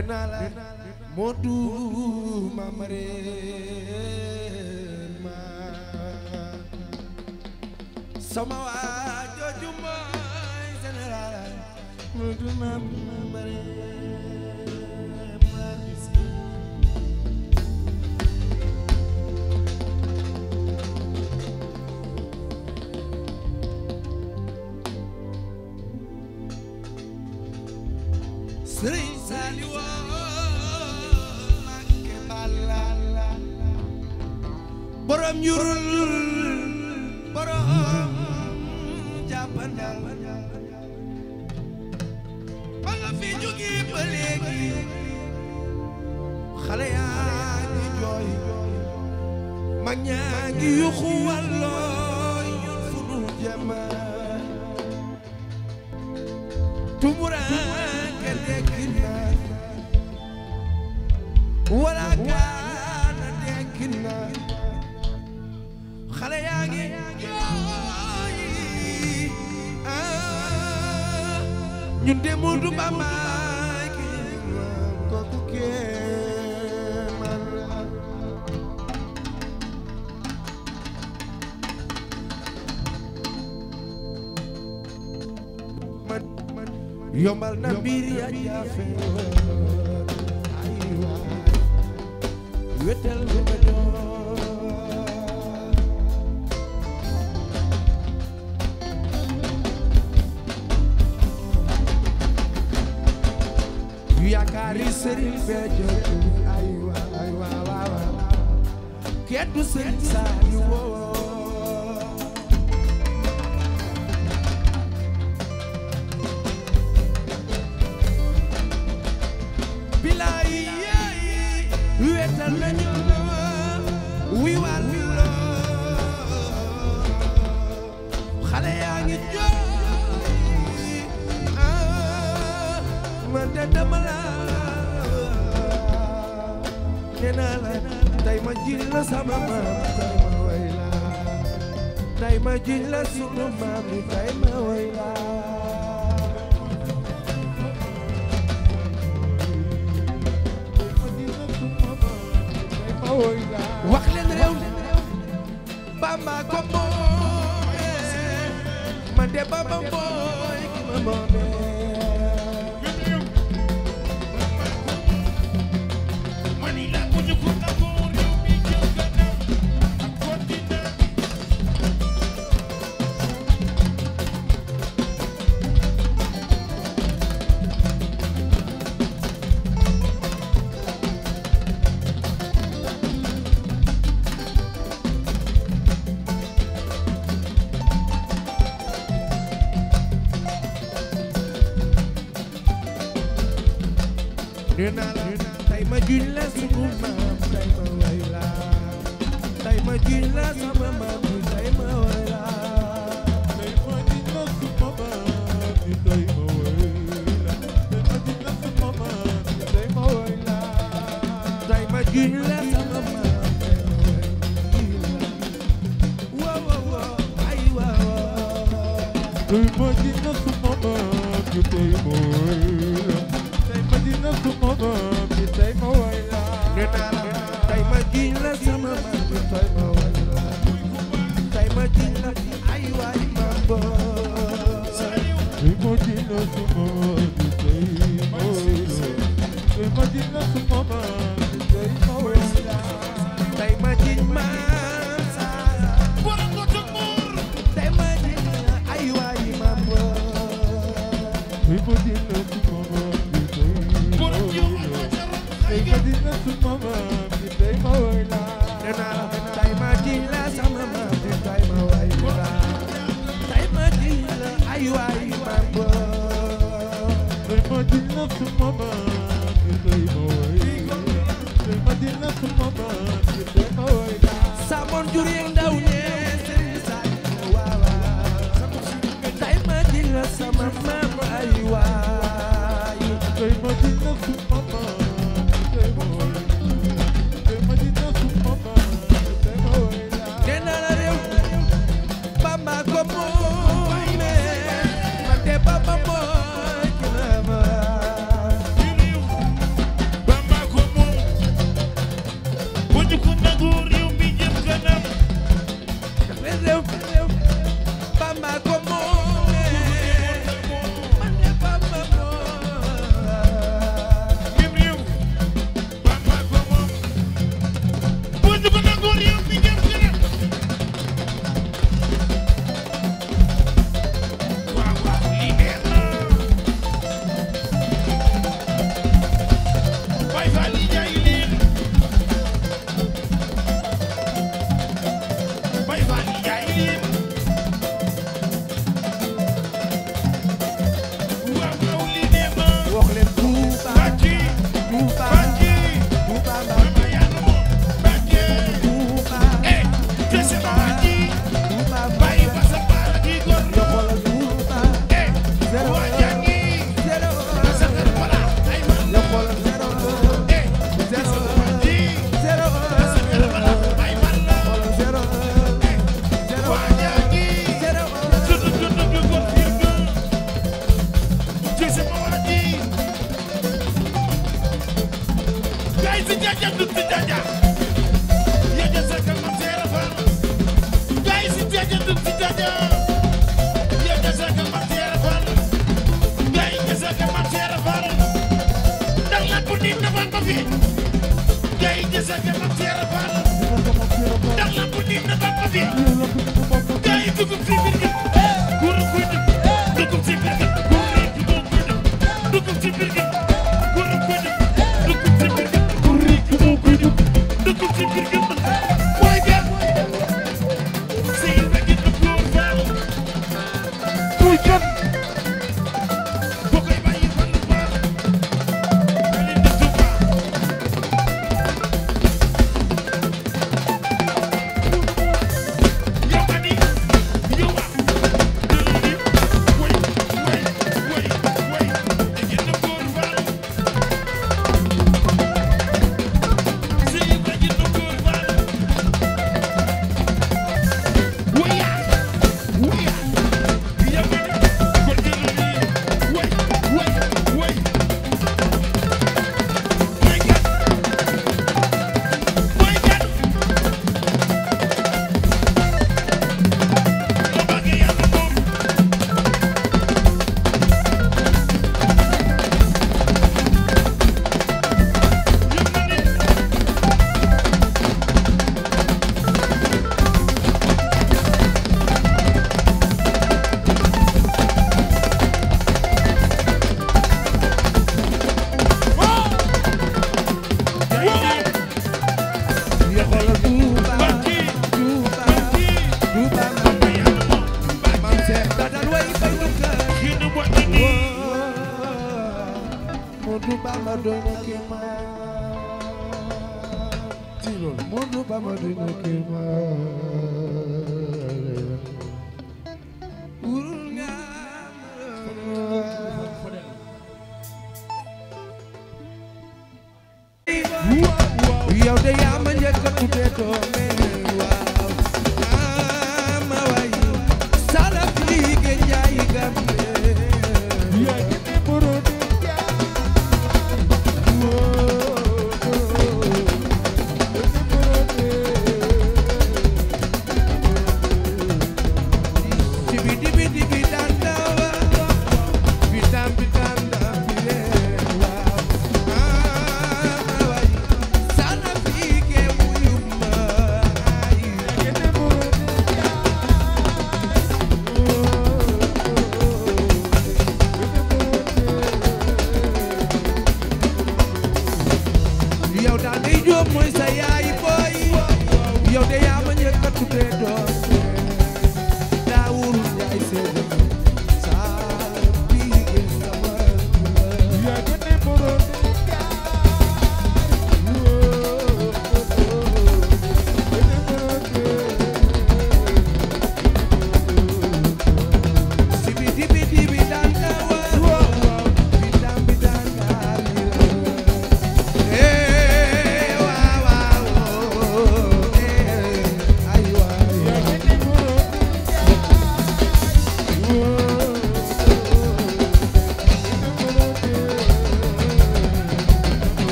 nee naa la moo du maam reen ma sama waa jooju mooy général moo du maam reen lam yurul yombal na mbir ya jafe ay waay wetal ma ma juñ la suñu maam tay ma way la tay ma juñ la sama maam tay ma way la tay ma juñ la sama maam tay ma way la tay ma juñ la sama maam tay ma way la tay ma juñ la sama maam Tay ma juñ la sama maam tay ma way Brasil, nosso Brasil!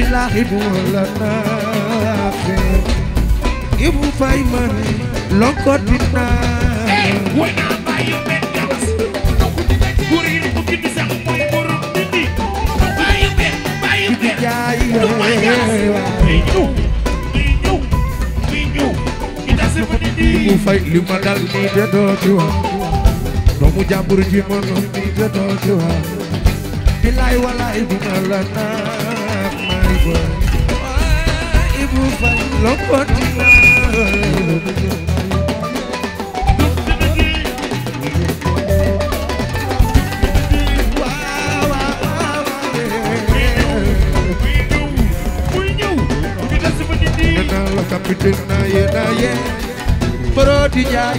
billahi bu la naafe Ibou Faye man lonkoti naa Ibou Faye li ma dal nii de doo ci wax doomu jàmbur ji ma noonu nii de doo ci wax bilaay walaay bu ma la naa ibu fay loppati naa capitaine na ye na ye. Boro di jaay.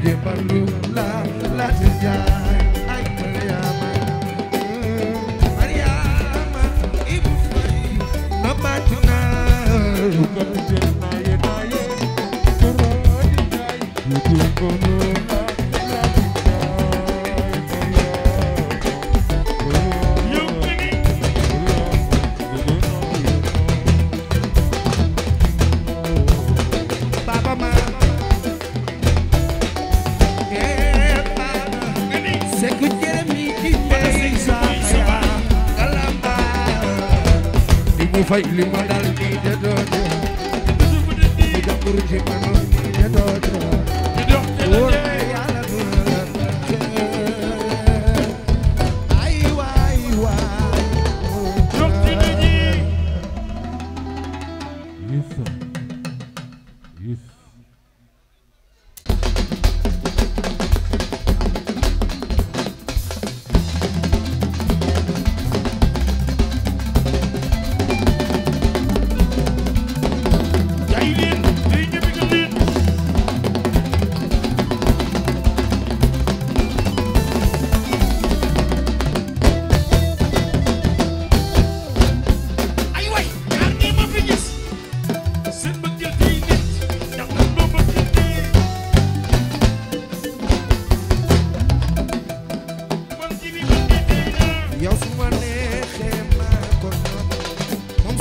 fay li ma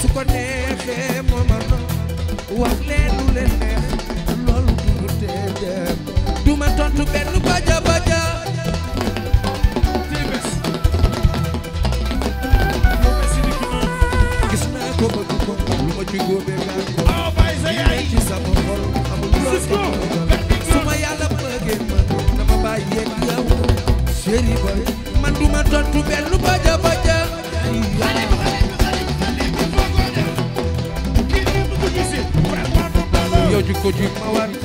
su ko neexee mooma noonu wax leen lu leen neex loolu du tee dem du ma benn baja baja gis naa ko bëgg ko lu ma ci góobee ngaa ko oh, lii ci sama xol amul loolu su ma yàlla bëggee ma dama bàyyi ak yow chéri man du ma tontu benn baja ko jik ma war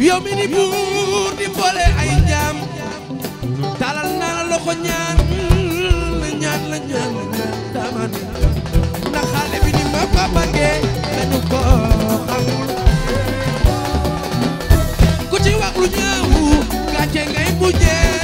yow mi ni buur di boole ay jaam talal naa la loxo ñaan la ñaan la ñaan la ñaan taman ndax xale bi ni ma ba bëggee dañu ko xamul ku ci wax lu ñaaw gàcce ngay mujjee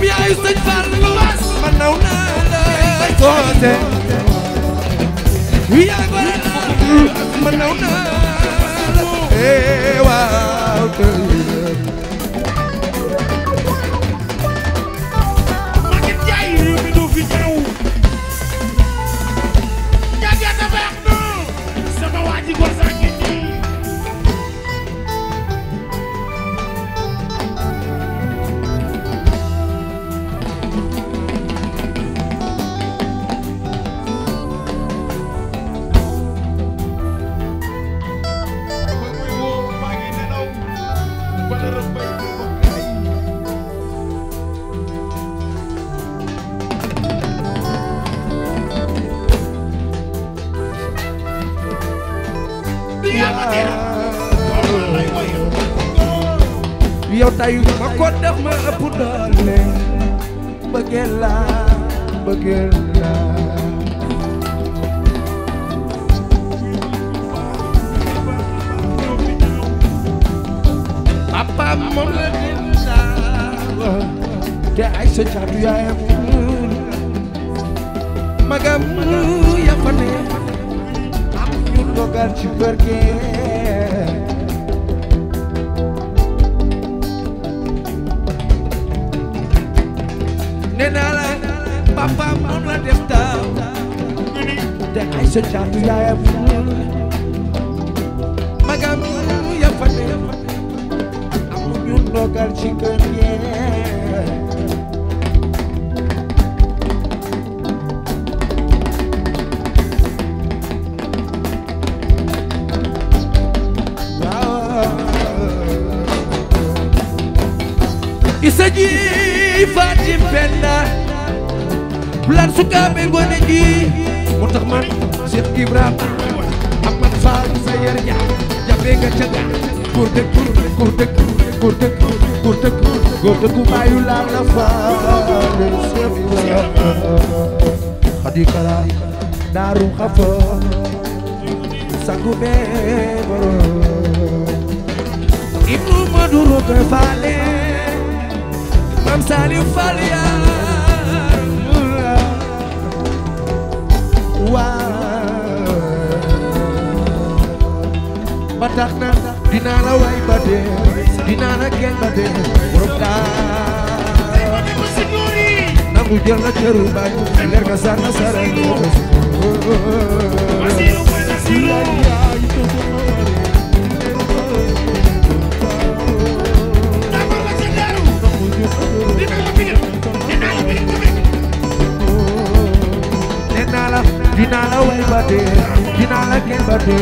doom yaayu sëñ Fallou Bass man naw naa la toote yaa gore naa man naw naa la waaw adi kala daaru xafo sangu bee boro ibnu maduro ke faale mam saliu faal yaa waaw ba tax na dinaa la way ba dee dinaa la gel ba dee borom daa Abdou jël na këru leer ka sar na sara Wasiru mooy Wasiru D'accord la ca leeru dinaa la bigal dinaa la bigal na këru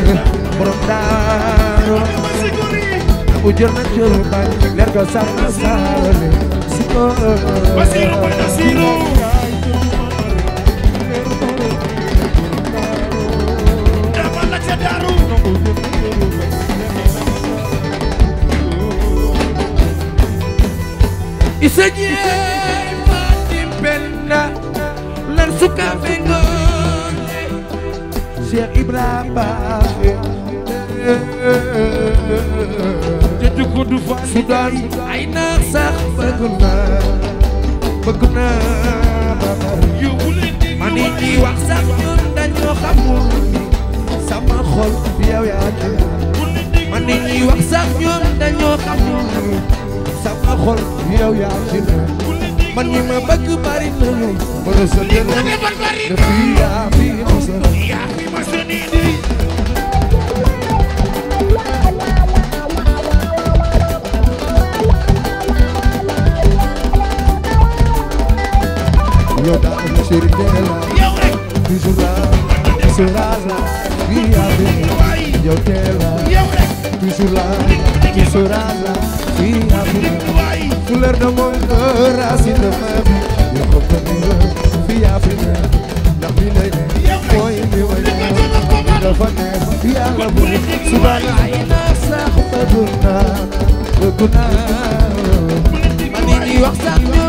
leer ka sar na sara Basiru ba Nasiru dama la ca daaru isaje ma timpenda lan suka fengo Cheikh Ibrahima du fal su ay naax sax bëgg naa bëgg naa babar yóbbu leen di wax sax ñun dañoo xamul sama xol bi yow yaa jël wax sax ñun dañoo xamul sama xol bi yow yaa jël ma bëgg bari nañu ma la sa gën a fi yaa fi ma sa chérie t'es là yow rek toujours là toujours là oui avec yow t'es là yow rek toujours là tu seras là oui avec couleur de mon cœur racine de ma vie yow ko bëgg fii Afrique ndax bi lay ne mooy bi way dafa neex yàlla bu subhana sax bëgg naa bëgg naa man ni wax sax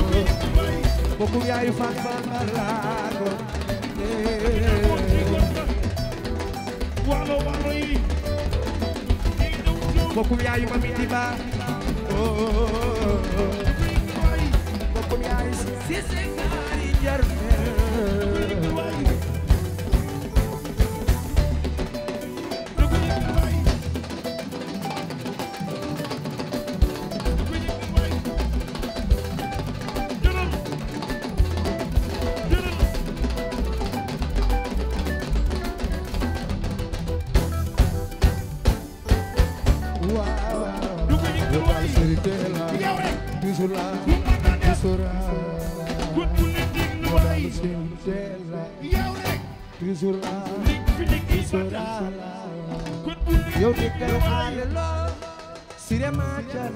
kooku yaayu fan fan barago waalo waalo yi kooku yaayu mami diba kooku yaayu sise gaari jarne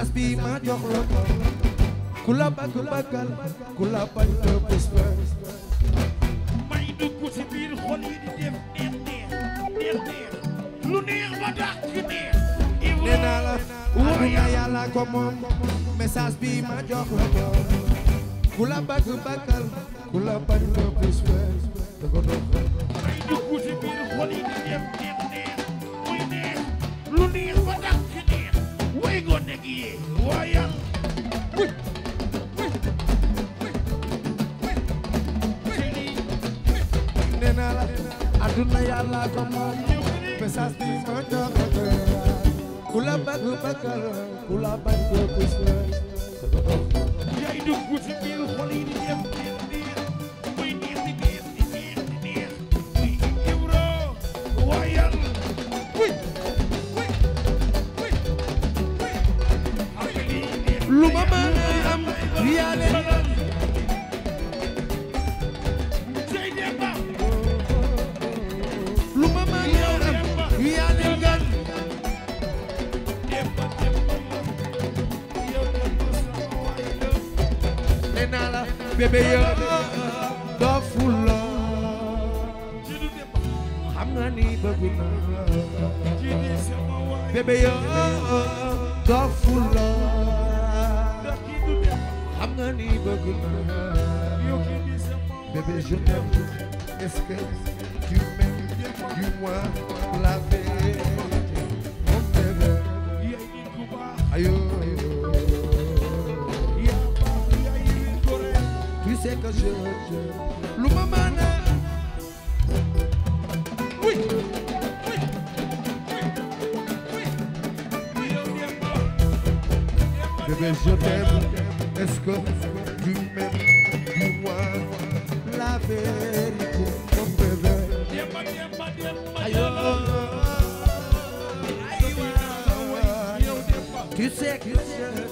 message bi ma jox la ko ku la bëgg bëggal ku la bañ ko bés ba may dugg ci biir xol yi di def neex neex neex lu neex ba dàq ci neex nee naa la aduna yàlla ko moom message bi ma jox la ko ku la bëgg bëggal ku la bañ ko nee naa la bébé yow dofula xam nga ni bëgg naa la bébé yow dofula xam nga ni bëgg naa la bébé je t'aime est-ce que tu m'aimes dis-moi la vérité sais que je je lu ma mën a oui Bébé, je t'aime, est-ce que tu m'aimes? Dis-moi la vérité, mon bébé. Aïe, tu sais que je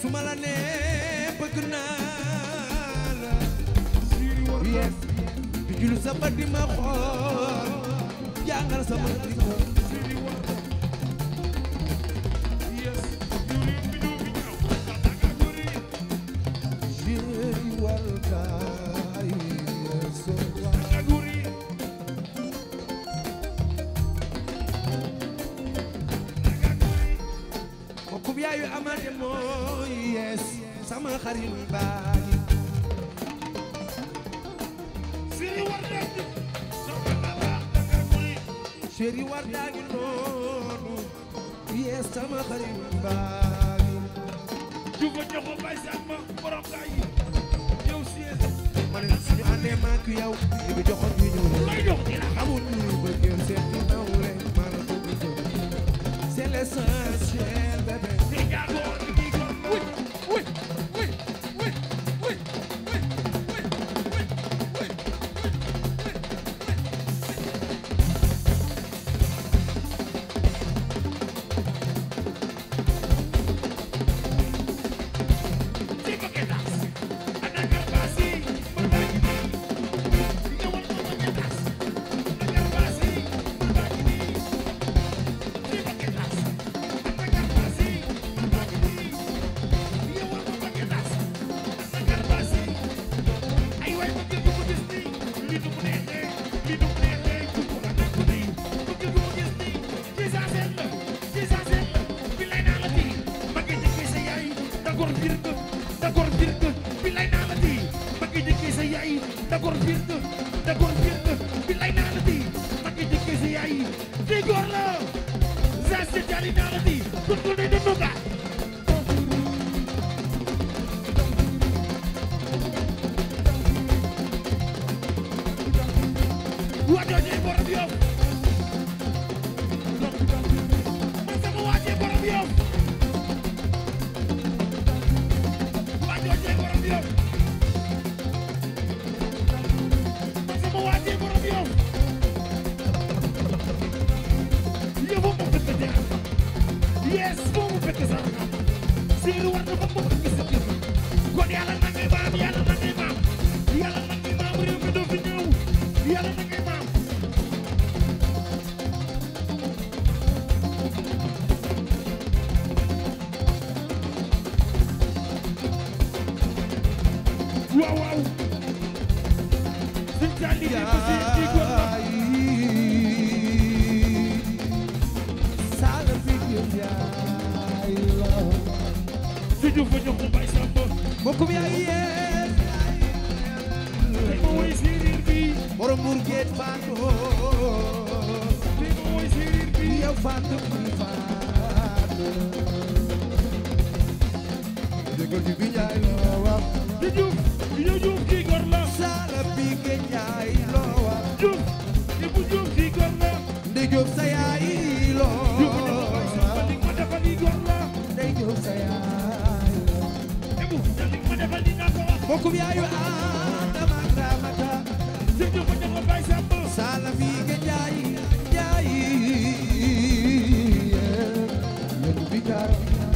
su ma la nee naa la yes di julu sa bët di ma xool jàngal sa bët di Chéri war naa Fadi Diop sa yaay loo Fadi ko defal yi góor la Ndey Diop sa yaay loo Fadi ko defal yi naa ko wax mbokkum yaayu Adama ak Ramata Sëñ ko jox ko bay sàmm saala fi ga jaay jaay yéen bi jaar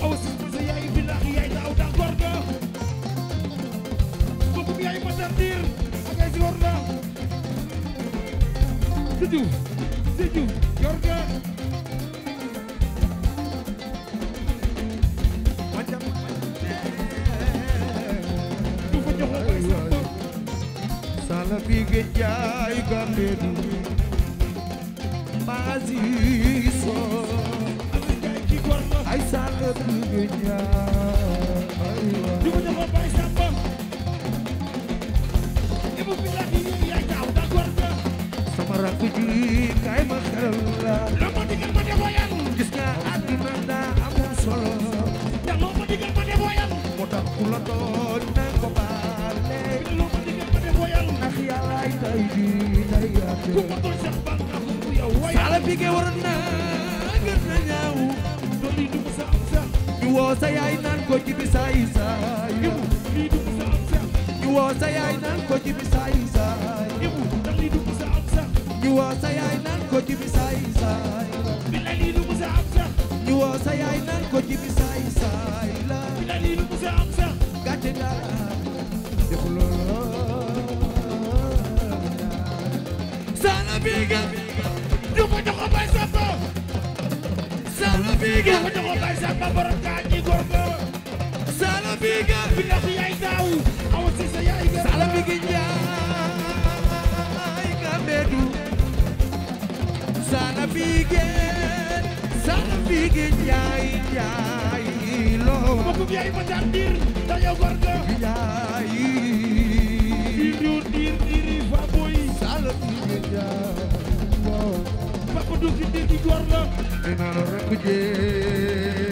aw si ma sa yaay bi laax yaay da aw daa góor ga mbokkum yaayu ma sa ndiir ak ay góor la Sëñ Cissé Diouf yor nga sala bi ge jaay gande du bazi so ay sala bi ge jaay ay wa du ko joxo bay samba ibu billahi rabbi ji kay ma xelal la ma digal ma defoo gis nga àddina daa amul solo ma digal ma defoo yàlla moo tax ku la tooñ ko baale loo ma ma defoo yàlla ndax yàlla ay tay ji day ma tooñ sa am sax ñu woo sa yaay naan ko jibi saay saay ñu woo sa yaay naan ko jibi saay woo sa yaay naan ko jibi saay saay bilay lii lu mu sa am sax ñu woo sa yaay naan ko jibi saay saay la bilay lii lu mu sa am sax gàcce daal defu loolu saala biiga du ko joxo bay samba saala biiga du ko joxo bay samba borom kaa ñi góor nga saala biiga billahi yaay daaw bigeen sala bigeen yaay yaay lo bokku yaay ma daan dir dañu gor go yaay dir dir dir dir fa boy sala bigeen yaay lo bokku du dir di gor la dina la rek jee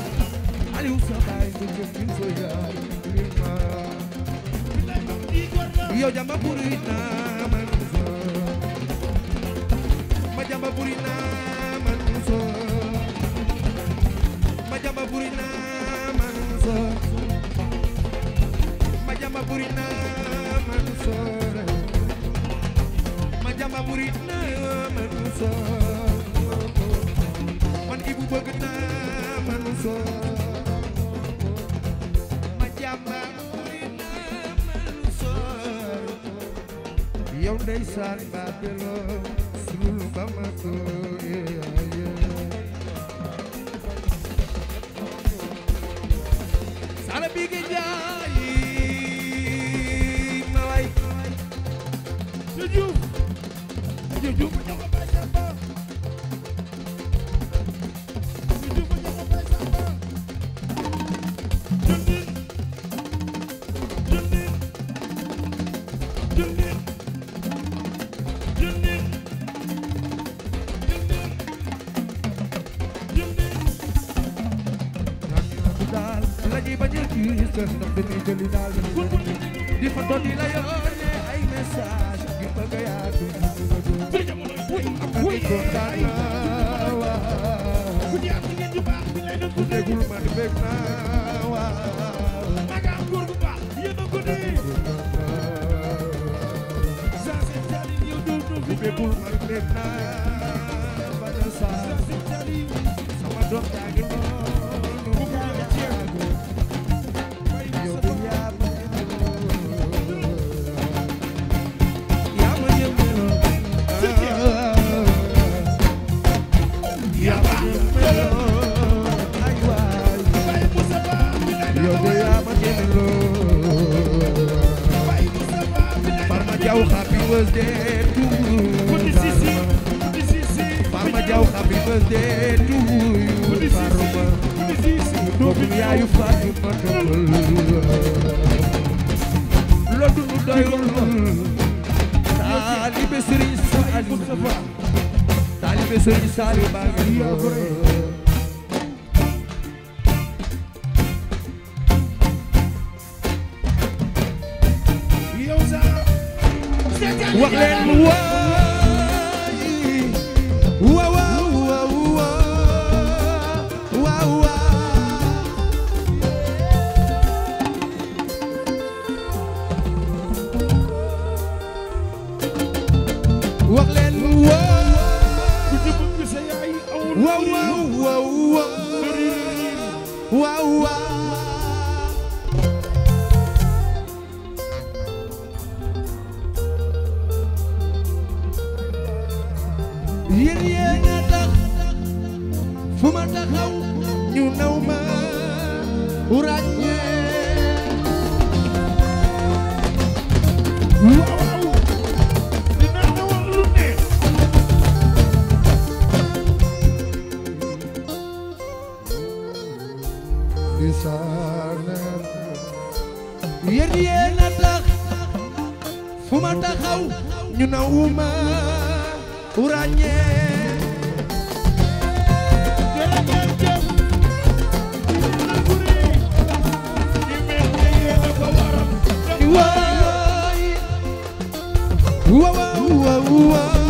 Aliou sa baay ko jëf ñu so yaay mi ma jamba buri na man so ma jamba buri na man so ma jamba buri na man so ma jamba buri na man so ma jamba buri na man so man ibu bëgg na man so yow ndeysaan ma delloo suul ba ma ko sara bi gi jaay ma way juju juju uma urañee Whoa, whoa, whoa, whoa.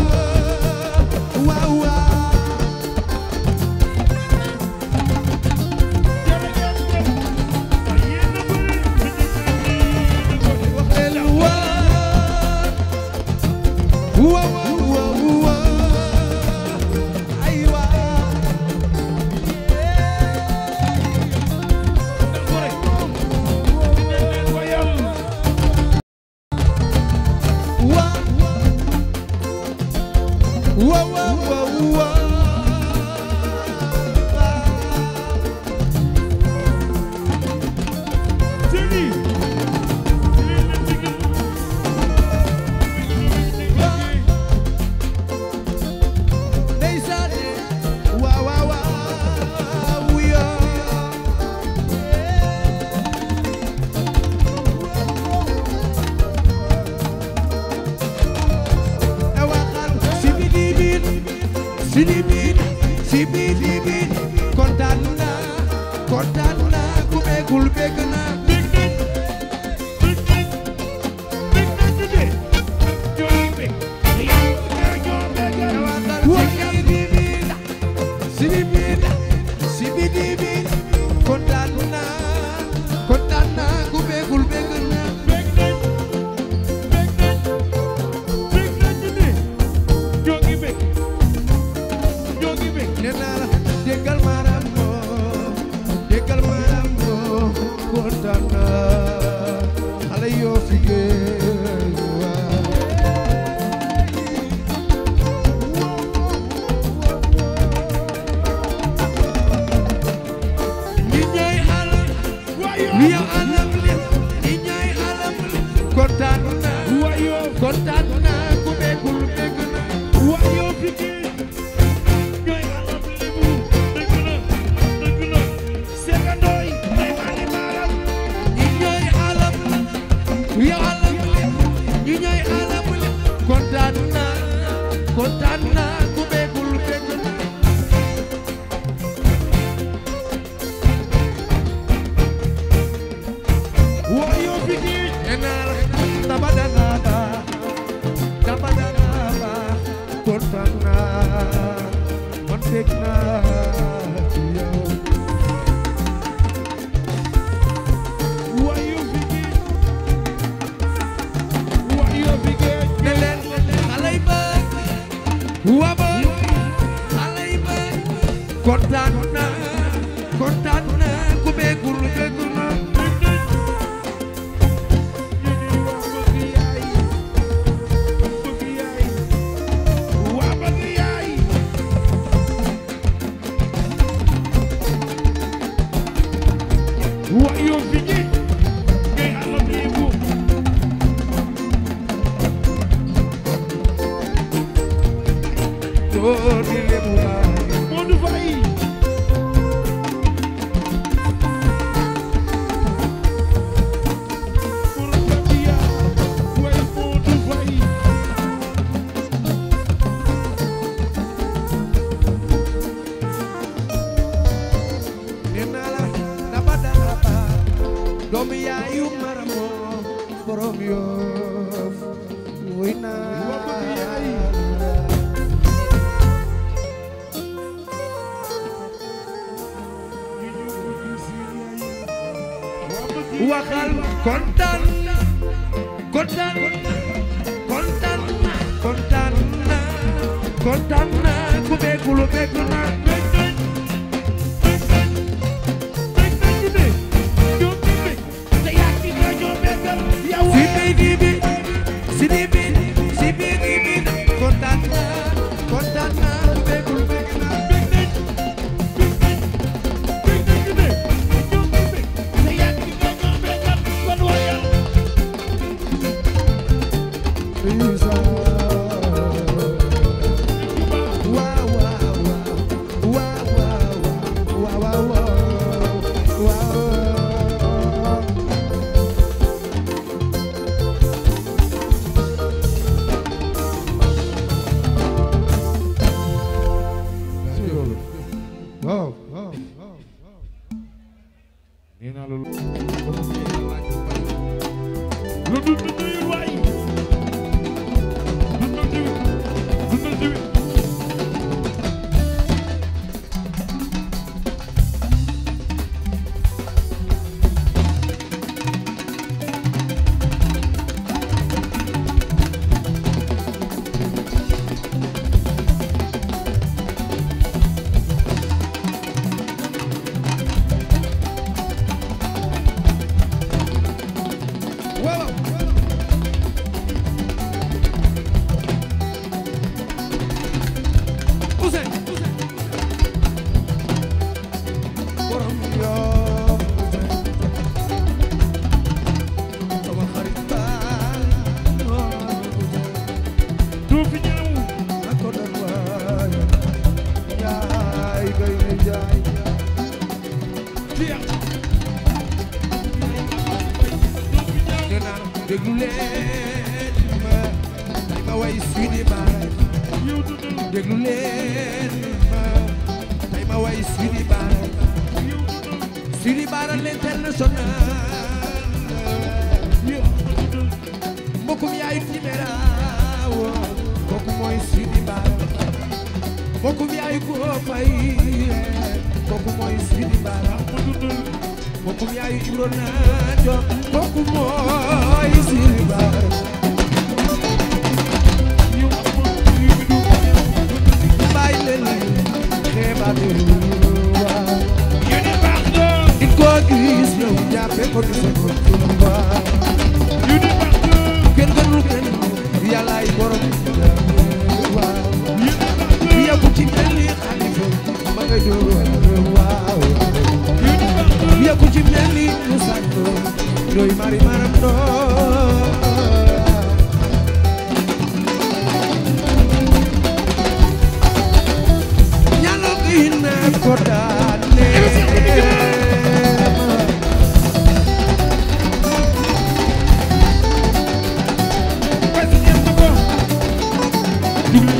Diglu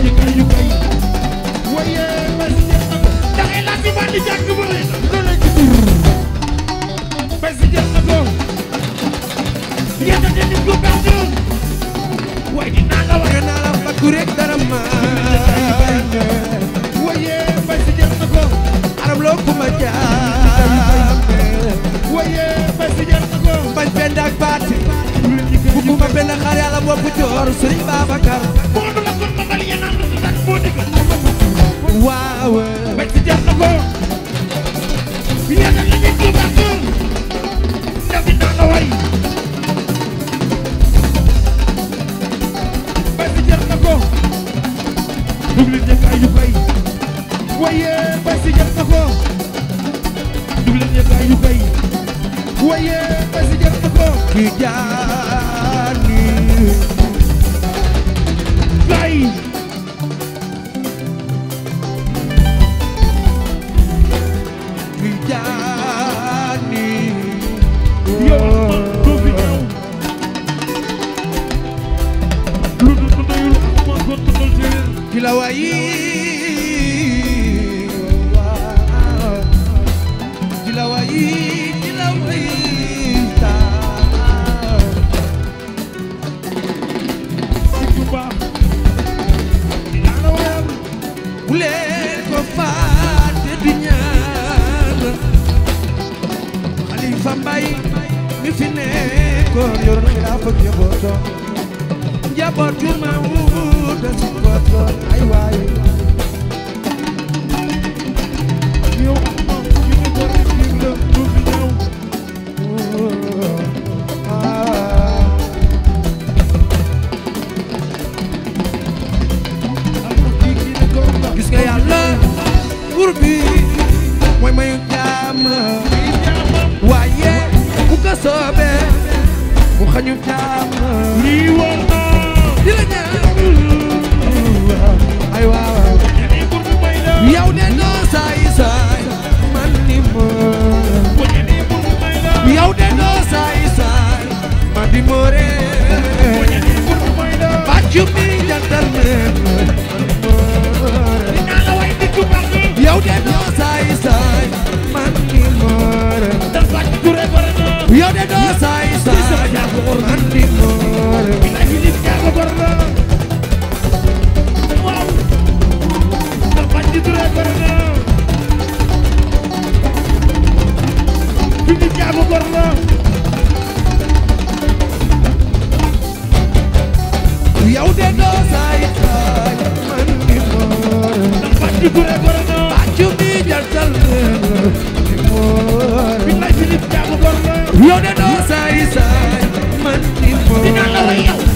ñu kay ñu kay waaye ma si jàpp ndax El Hadj Malick jàng ma loo ku ma jaaxle. waaye bés yi jël ko. bañ benn ak baati. bugguma benn xar yàlla bopp joor Serigne Babacar. moo du la kon ma bal yéen a ngi tàkk moo dëgg. waaw. bés yi jël ko. ko dugleen yëg ay yu koy waye basi jël na ko ki jaar Yo ne doo saay saay man ni moo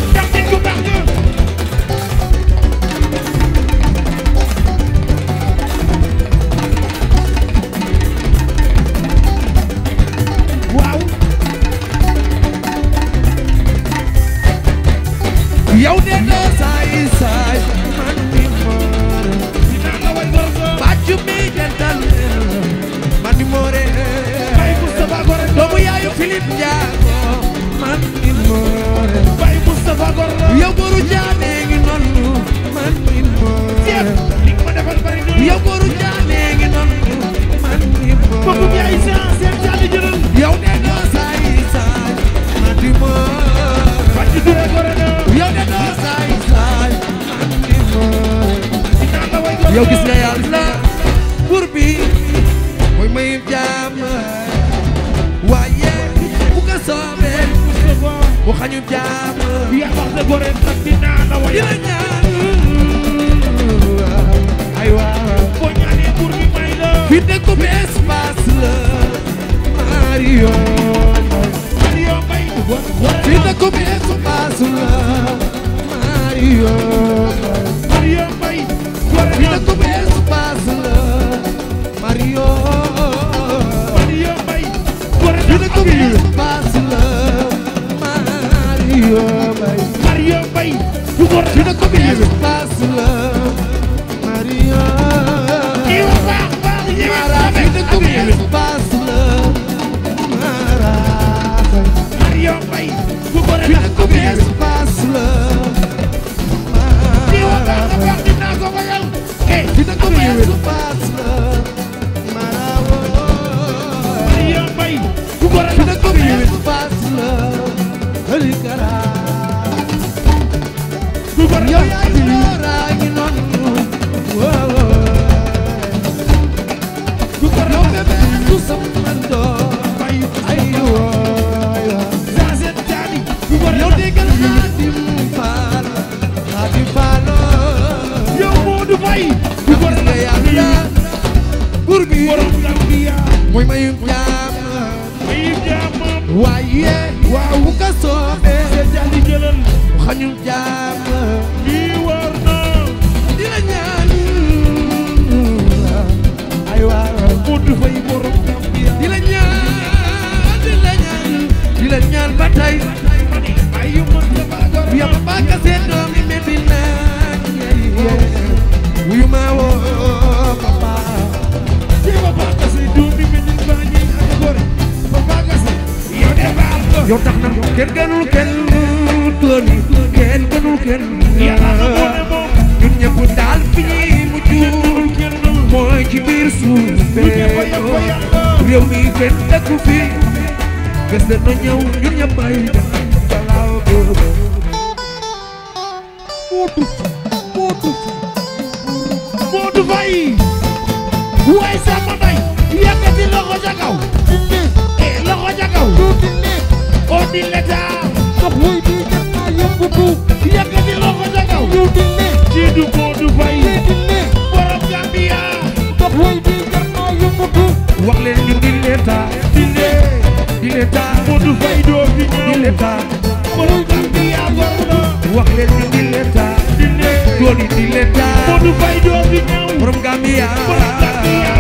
di di leen taal Modou Faye doo fi ñëw borom Gambia borom Gambia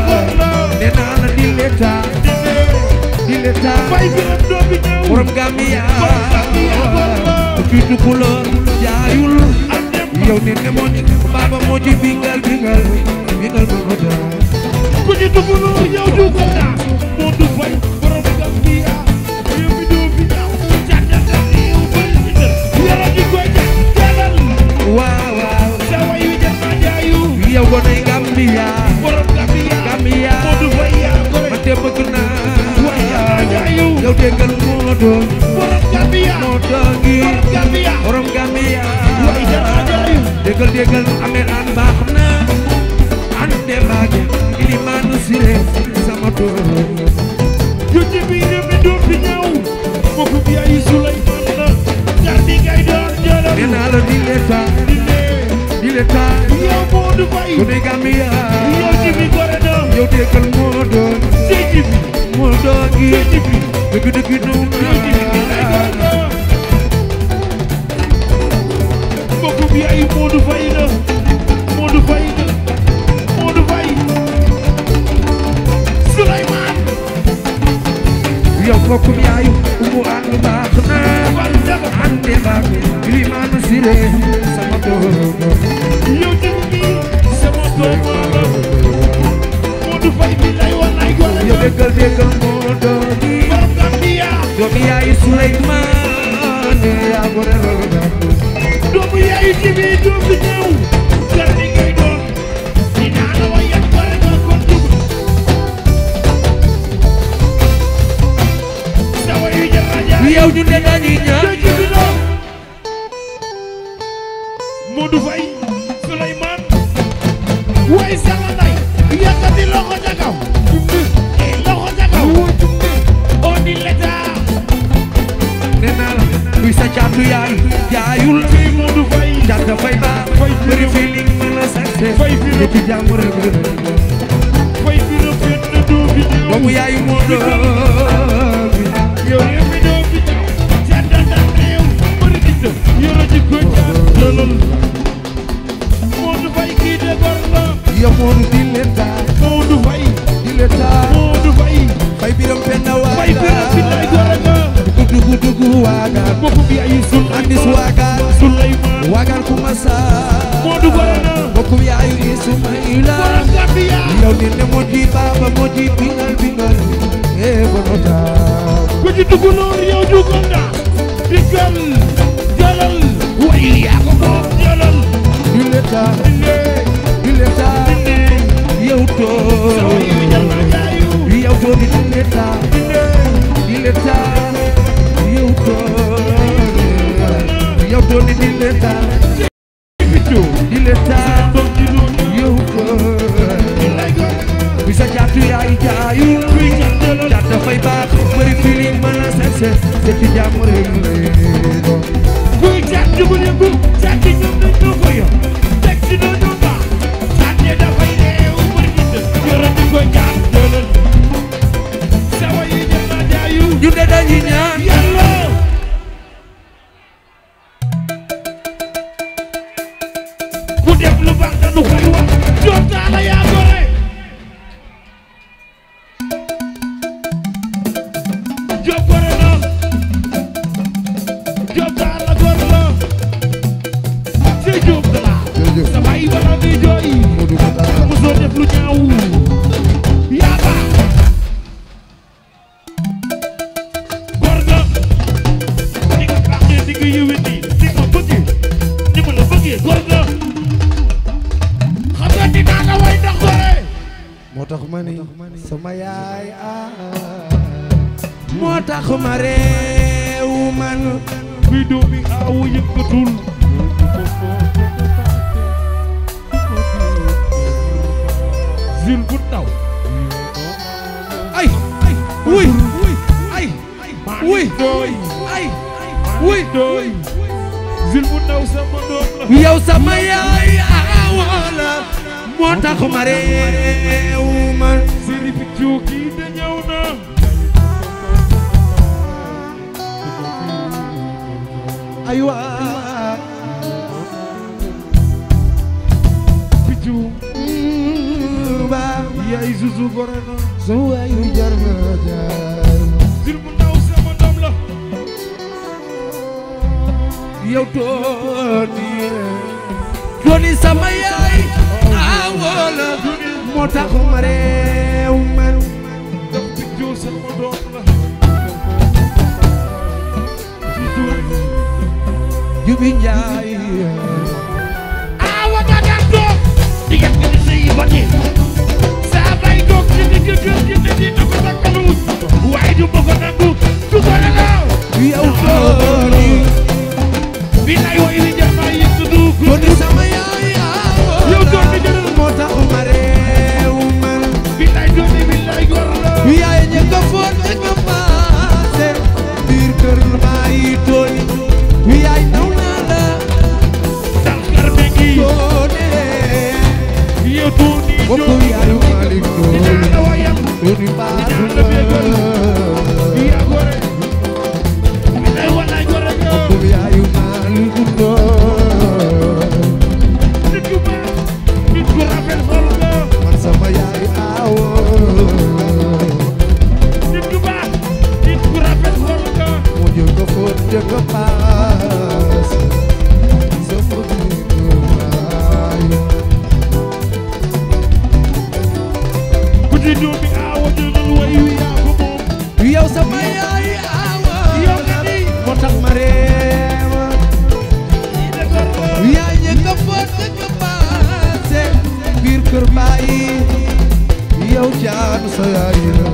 nee naa la di leen taal di leen taal Faye gërëm doo fi ñëw borom Gambia borom Gambia fi du couleur jaayul yow ne ne moo ci baba moo ci bingal bingal bingal ba ko daal ku ci du couleur yow du ko daal Modou Faye goney Gambia borom Gambia Gambia Modou Faye ma te bëgg naa yow déggal Modou borom Gambia Modou ngi borom Gambia déggal déggal amel an baax na an de baaje Ilimane Siré sama doom junj bi ñëpp di doom di ñëw mbokk bi ay Souleymane la jar di ngay doon jëlal nee naa la di leeta le temps yow Modou Faye ku ne Gambia yow Djibi Goré Ndong yow déggal moo doon si Djibi moo doon gi Djibi dëgg dëgg nu mbokk bi ay Modou Faye la yow bokkum yaayu umu ànd baax na ànd baax limaanu sire sama doom yow dem bi sama doom Modou Faye bi lay wallaay gole yow déggal déggal moo doomi doomi yaayu Souleymane yaa gore roga doomu yaayu jibi doomi ñëw kër ni ngay doon dinaa la yow ñu ne dañuy ñaan libertad. di doomi aawa jëlal way wi yaa ko moom yow sama yaay aawa yow nga ni ma reema yaa njëkk a foot dëkk biir kër bàyyi yow jaanu sa yaay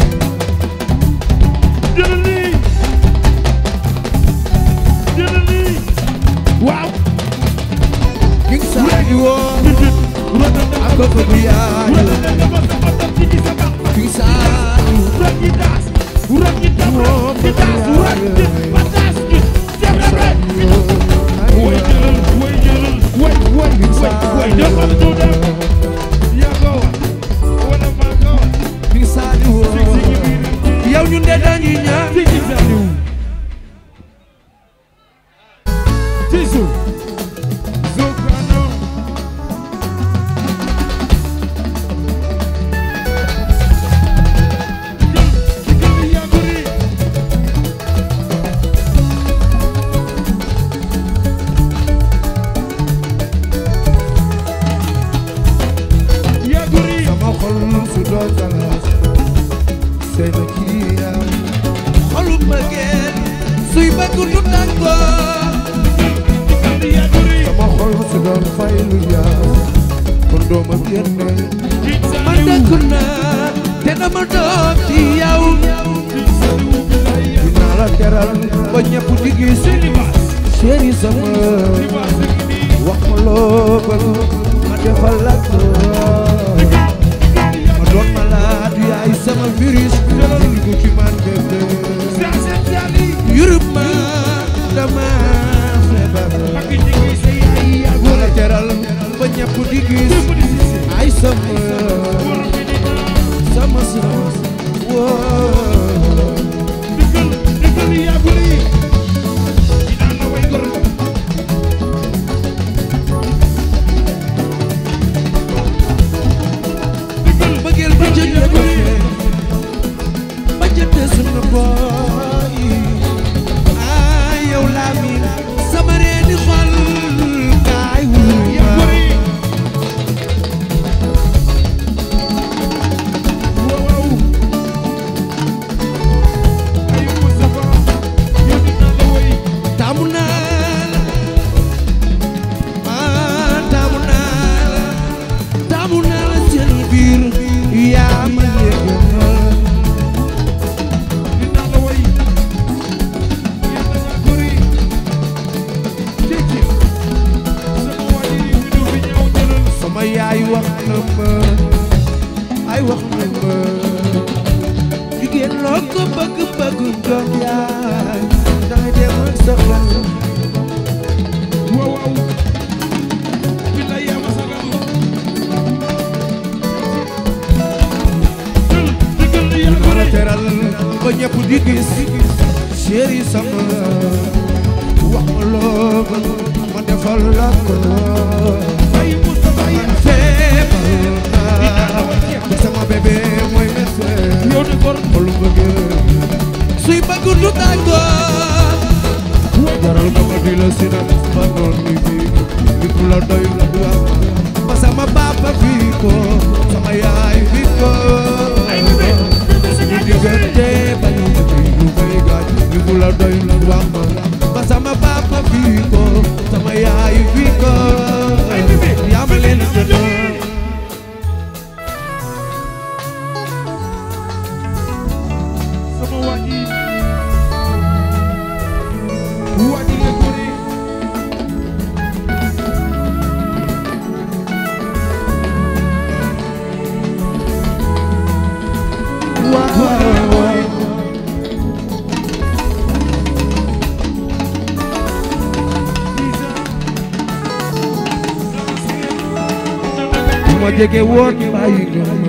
jege woon bàyyi gëm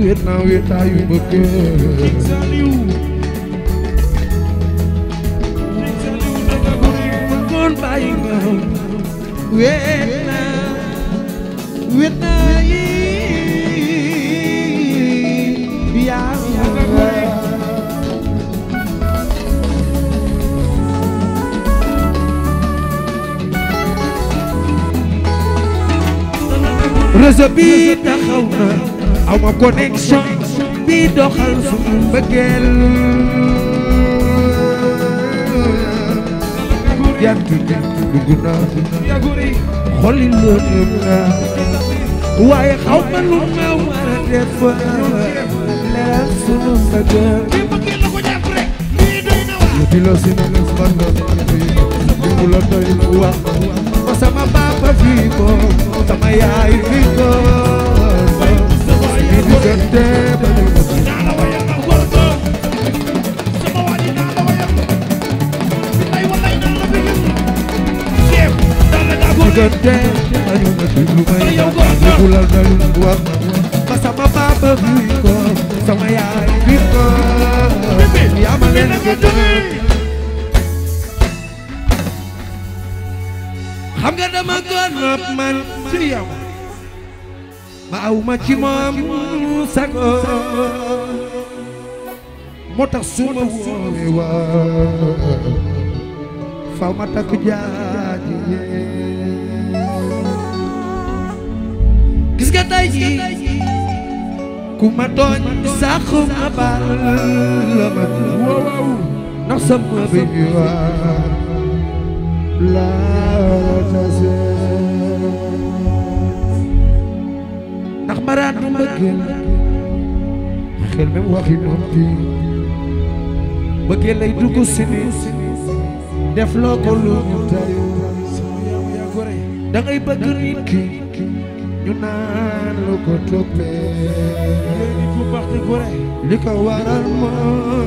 wéet naa wéetaayu bëgg réseau bi taxaw na aw ma connexion bi doxal suñu mbëggeel jant dugg na xoli lëndëm na waaye xaw ma lu ma war a def leeral suñu mbëggeel bi doy na waa sama papa fi ko sama yaay fi ko sama yaay fi ko sama yaay fi ko diggante añu ma fi lu may yëgulal na lu mu wax ma sama papa fi ko sama yaay fi ko yaa ma leen nga dama doon nopp ma aw ma ci moom sago ma woone waa faw ma takk jaaji gis nga la ndax maraat du mbëggeel xel mi waxi nopp bi mbëggeel lay dugg si ni def loo lu ñu tay da ngay bëgg ñu naan lu ko toppee li ko waral mooy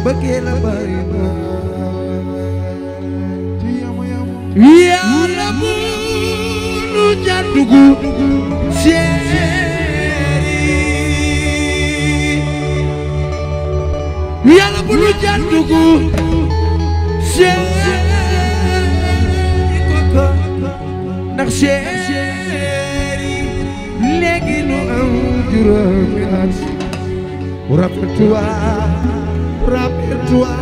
mbëggeel la bari yàlla bu nu jàddugu seeri yàlla bu nu jàddugu seeri ndax seeri léegi nu am juróomi at rappelle-toi rappelle-toi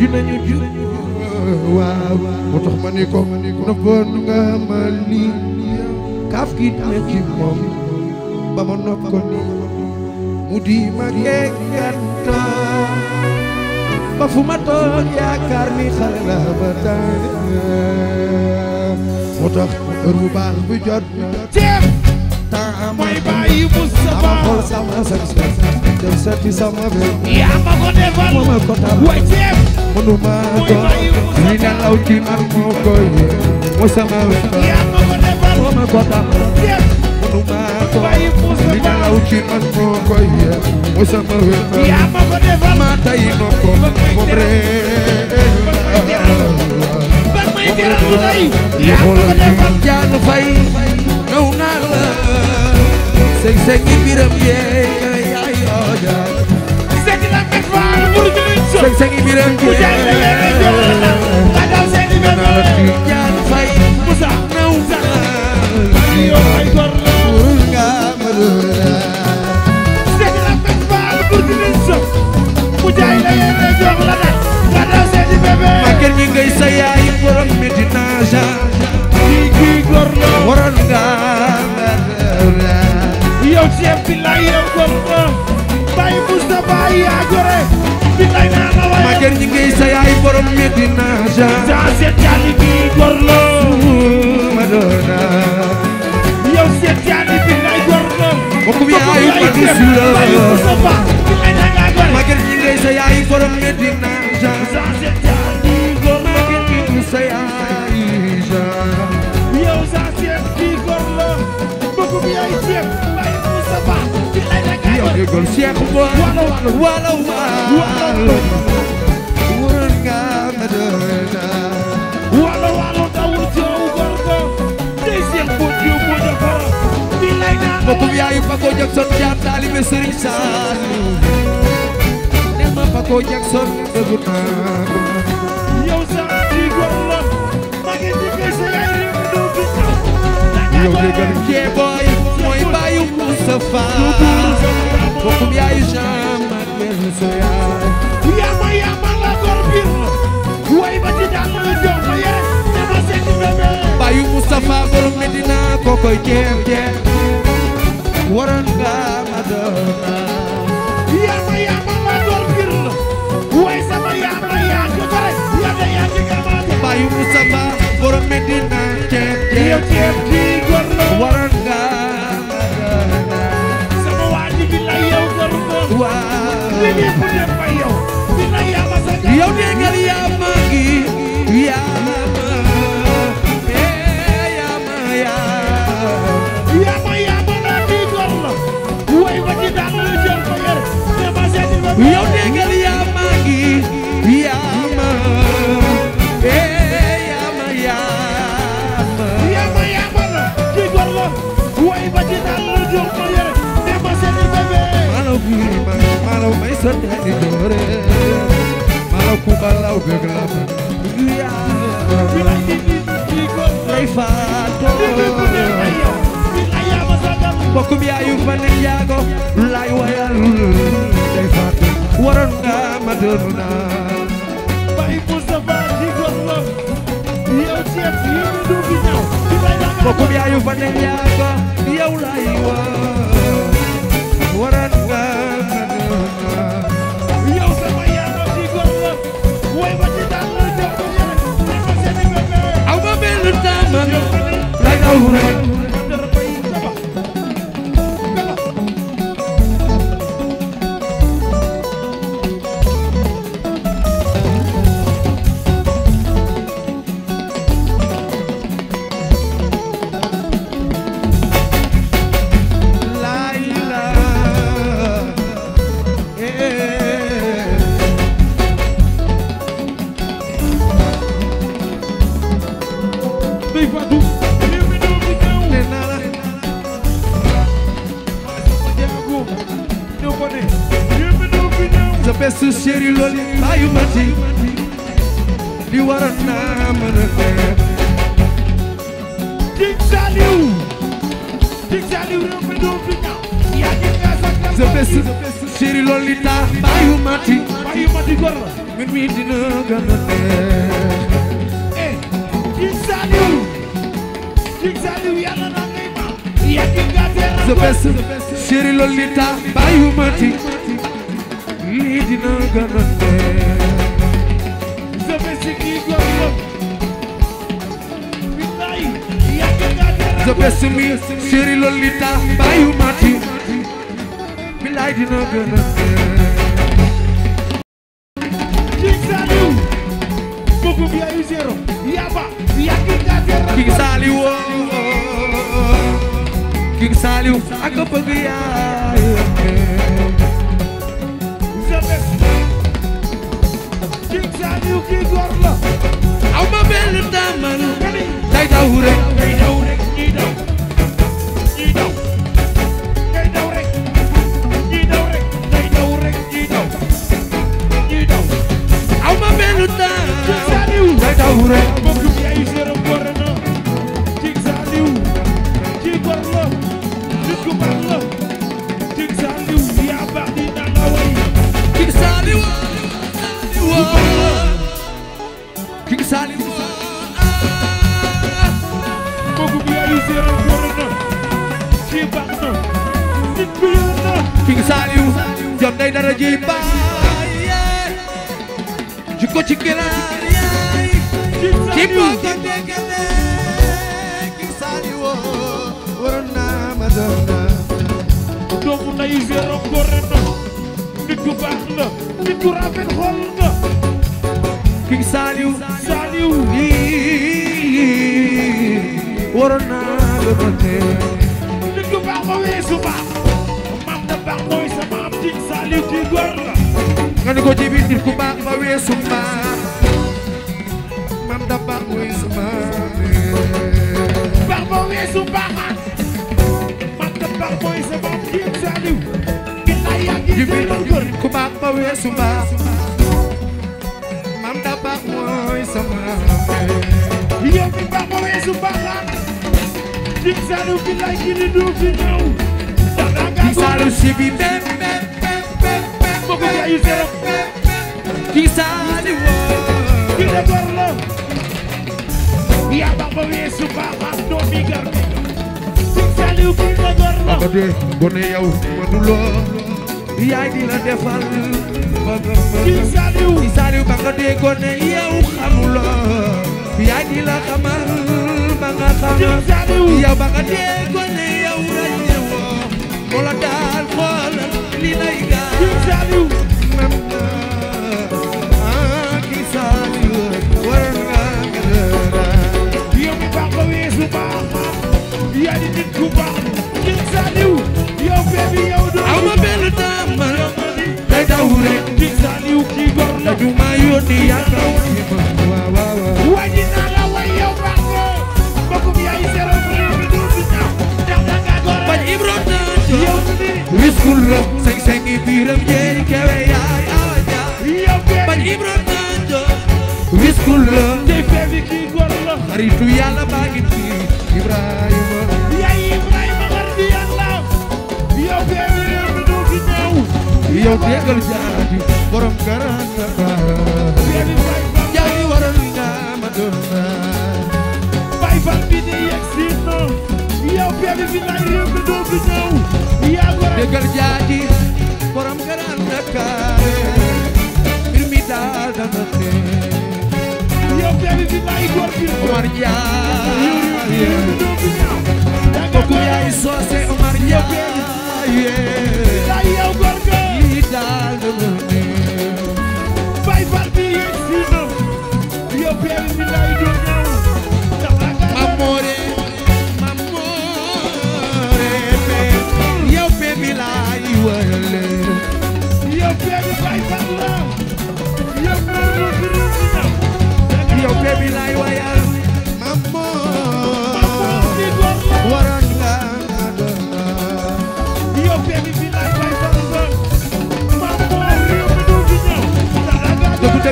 dinañu jur waaw moo tax ma ni ko nëbboon nga ma lii kaaf gi dina ci moom ba ma nopp ko ni mu di ma gekkanta ba fu ma toog yaakaar ni xale la moo tax heure bu baax ceeb temps mooy bàyyi Moustapha ama xool sama sax def yaa ma ko defal ma ceeb mënuma doon li nelaw ci man moo koy mu sama wet moo ma ko tax mënuma doon li nelaw ci man moo koy mu sama wet ma tay ma ko moom rek li xoolal ci man jaanu fay naw naa la sëg sëg yi biram yeey yaay yoo jaar sëñ sëñ bi ren bu jaay da leen a jox la dal seen i benn jaan fay bu sax naw sax bari yow ay gor la pour nga madura sëñ la fekk baal pour di leen sox bu jaay da leen a jox la dal nga dal seen i bébé magal ñi ngay sa yaay borom Medina ja kii kii gor la waroon nga madura yow ceeb bi la yow gor la waay Moustapha yaa gore bi lay naa la waay ma jël ñi ngay sa yaay borom Medina ja ja seet jaani bi gor la ma doona yow seet jaani bi lay gor la ko ko yaay ma du sura ma jël ñi ngay sa yaay borom Medina ja ja seet jaani bi gor la ma jël ñi ngay sa yaay ja yow sa seet bi gor la ko ko yaay seet dégol Cheikh Oumar wala wala wóor nga ma doy na wala wala dawul coow gor ko tey Cheikh boo jiw moo defara bi naa mbokkum yaayu Paco Jackson jaar taalibe Serigne Saliou ne ma Paco Jackson dëgg naa ko yow saa di gor la ma ngi dikkee sa yaay rek doo fi bokum yaay jam ak yel so yaay ku yama yama la gor bir way ba ci dal la jox ma yere dama set bébé bayu Moustapha borom Medina kokoy jeem jeem waran nga madona yama yama la gor bir way sama yama ya ko dara ya da ya ci gama bayu Moustapha borom Medina jeem jeem jeem di gor la waran waaw. li ngeen ko def ba yow. dina yàlla sa yow dégg nga sëndëni doore mala ku balaw bëgg la yaa lay faatoo bokkum yaayu fa ne yaago lay wayal lay faatoo waroon nga ma doon naa bay Mustafa di gorlo yow ceeb yow du bi ñëw bokkum yaayu fa ne yaago yow lay wa waroon nga awra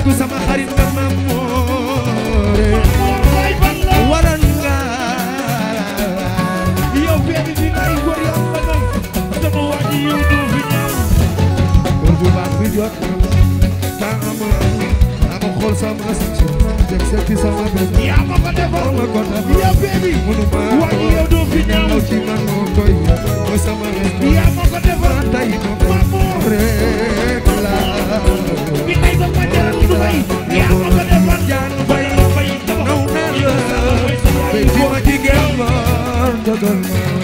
ku sama xarit nga ma moore waral nga yow benn di nay góor yi am ba doon sama waa ji yow doo fi ñëw góor ju baax bi jot ta ama ama xool sama sàcc jeg seeti sama benn yaa ma ko defal ma ko defal yow baby munu ma waa ji yow doo fi ñëw ci man moo koy ma sama yaa ma ko defal tay ma moore la Girl.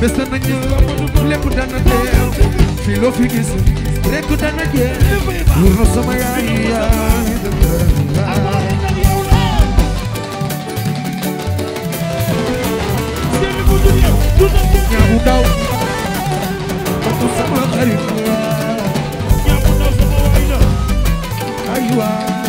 bés dana ñëw lépp dana teew fi loo fi gis rekk dana jeex wur na sama yaay yaay ñaabu ndaw batu sama xarit ñaabu ndaw sama waay la ay waay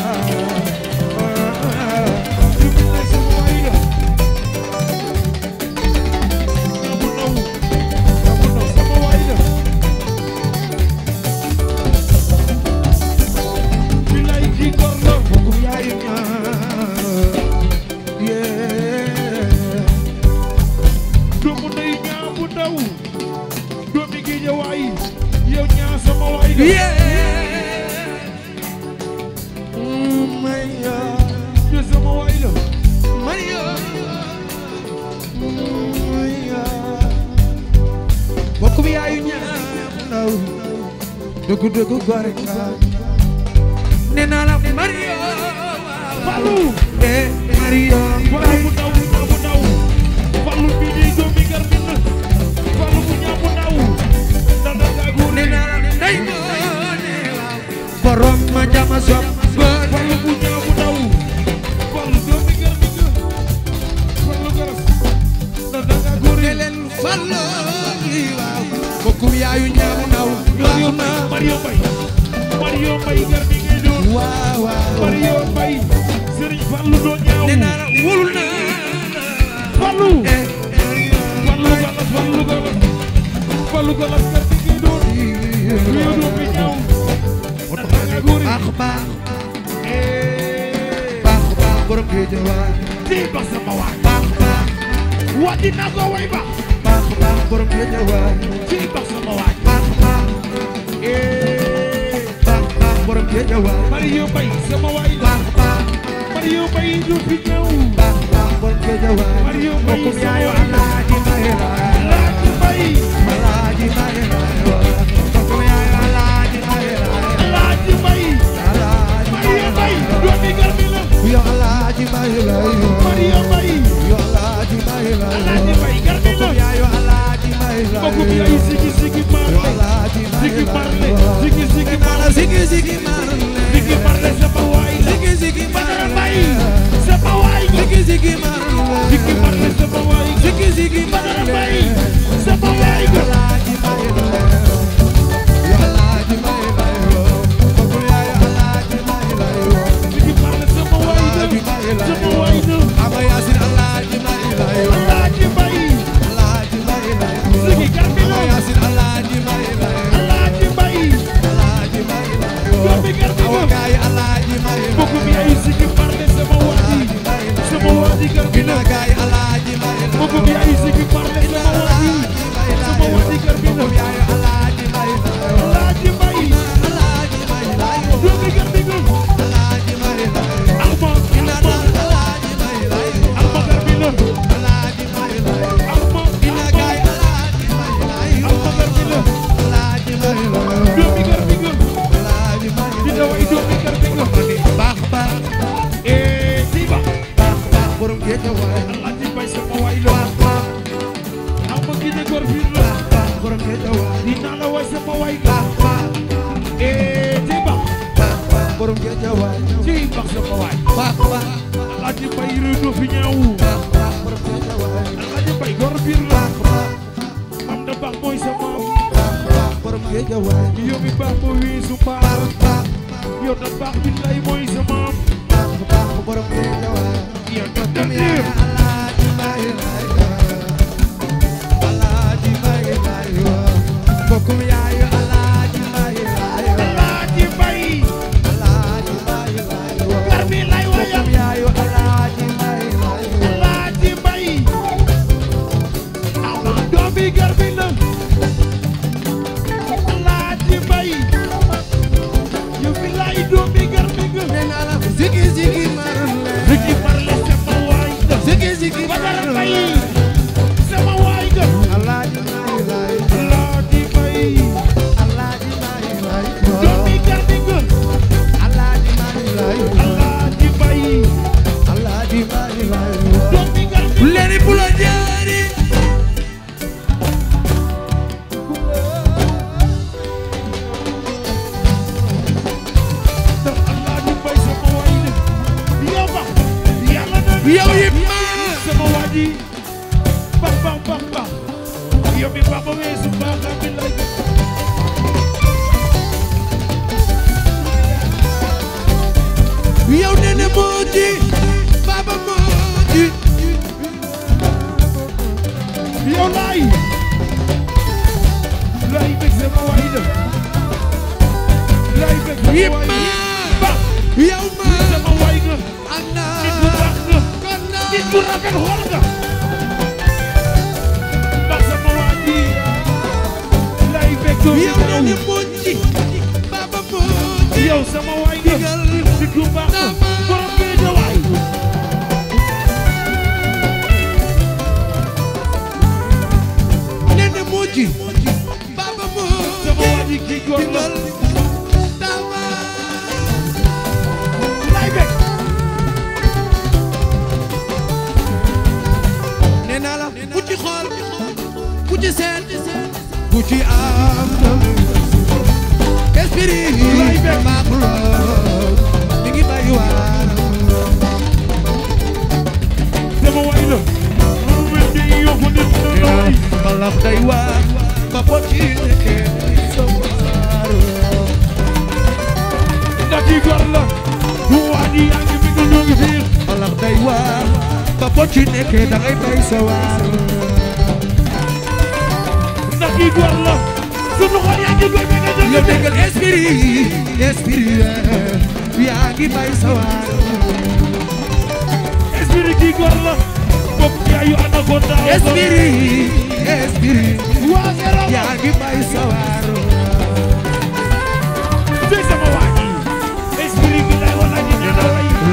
ci ayu bi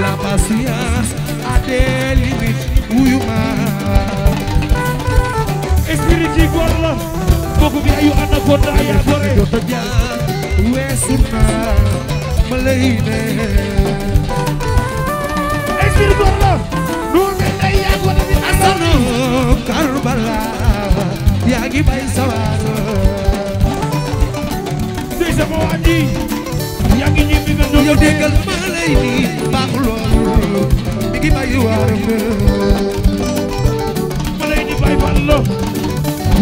la patience a des limites wuyu weesu naa ma lay ne la yoonu Karbala yaa ngi bay sawar dey sama waa ji yaa ngi ñibbi nga ñëw yow déggal ma lay ni baax loolu mi ngi bay waar ma lay ni bay fan lo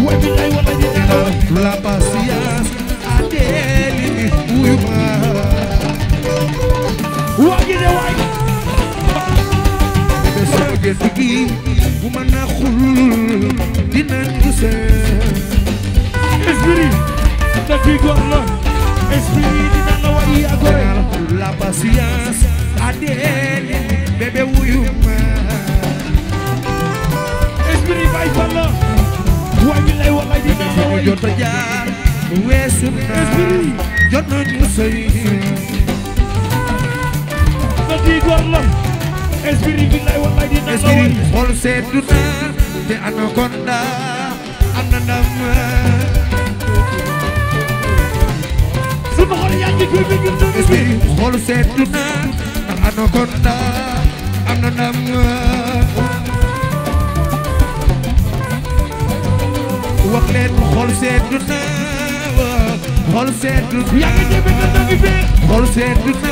way bi lay wala di nana la patience adeli wuyu ma waa gi de waay bu ma naxul dinañ gisee esprit dafi góor la esprit dina la wàññi ak gore la patience ADN bébé wuyu ma esprit bay fan la wàññi lay wala dina la wàññi jot a jaar weesu na esprit jot nañu sëy dafi góor la esprit bi lay wallaay dina la na te anaconda am na ndam sunu xol yaa ngi koy xool seetu na te anaconda am na ndam wax xool seetu na xool na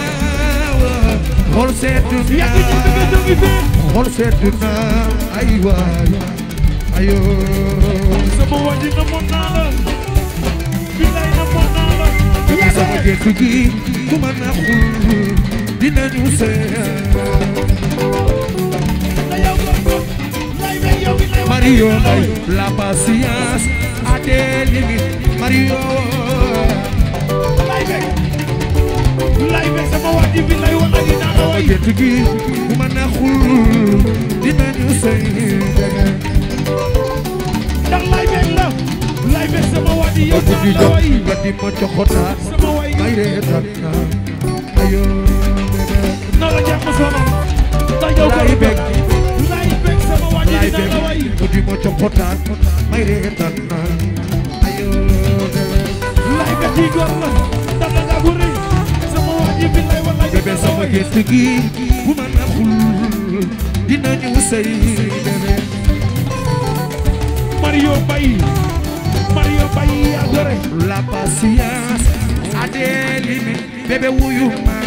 xool seetu naa xool seetu naa ay waay ayoo. la. bilay na mën naa Mario Mbaye la patience a des limites Mario. lay be sama waji bi lay wala gi naa la way gént gi ma neexul dinañu sëy dege ndax lay beeg la lay be sama waji yow naa la way ba di ma joxotaat sama way ay reetaan naa ayo na la jàpp sama ndax yow ko lay beeg lay beeg sama waji naa la way ba di ma joxotaat ay reetaan naa ayo lay be di góor la bébé sama gént gi bu ma naxul dinañu sëy bébé Mario Baye Mario Baye adoré la patience a des limites bébé wuyu ma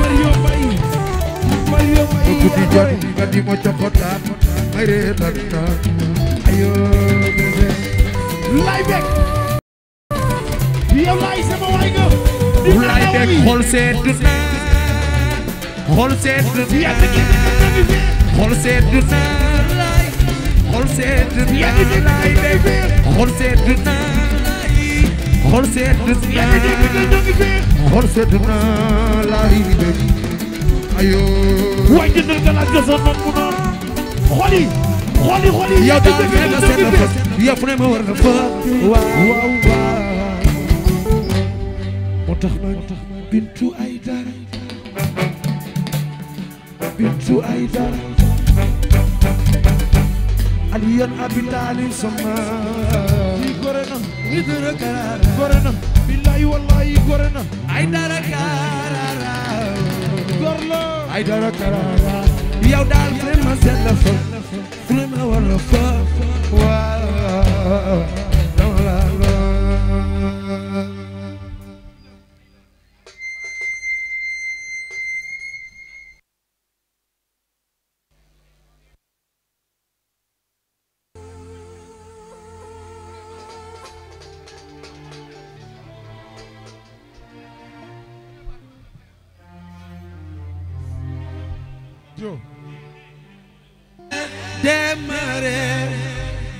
Mario Baye Mario Baye guddi jot nga di ma cokotaan may reetaan ayo bébé lay bekk teg xol sedd na xol sedd na xol sedd na xol sedd na xol sedd na xol sedd na laay bébé ayoo waay jëndal nga laaj josoon man mu noon xoli xoli xoli yow daal ngeen la sedd fa yow fu ne ma war na fa waaw waaw tax ma bintu ay bintu ay aliyan abi taalib sama ci gore na dara karara gore na billahi wallahi gore na ay dara karara daal vraiment seet fa vraiment war fa waaw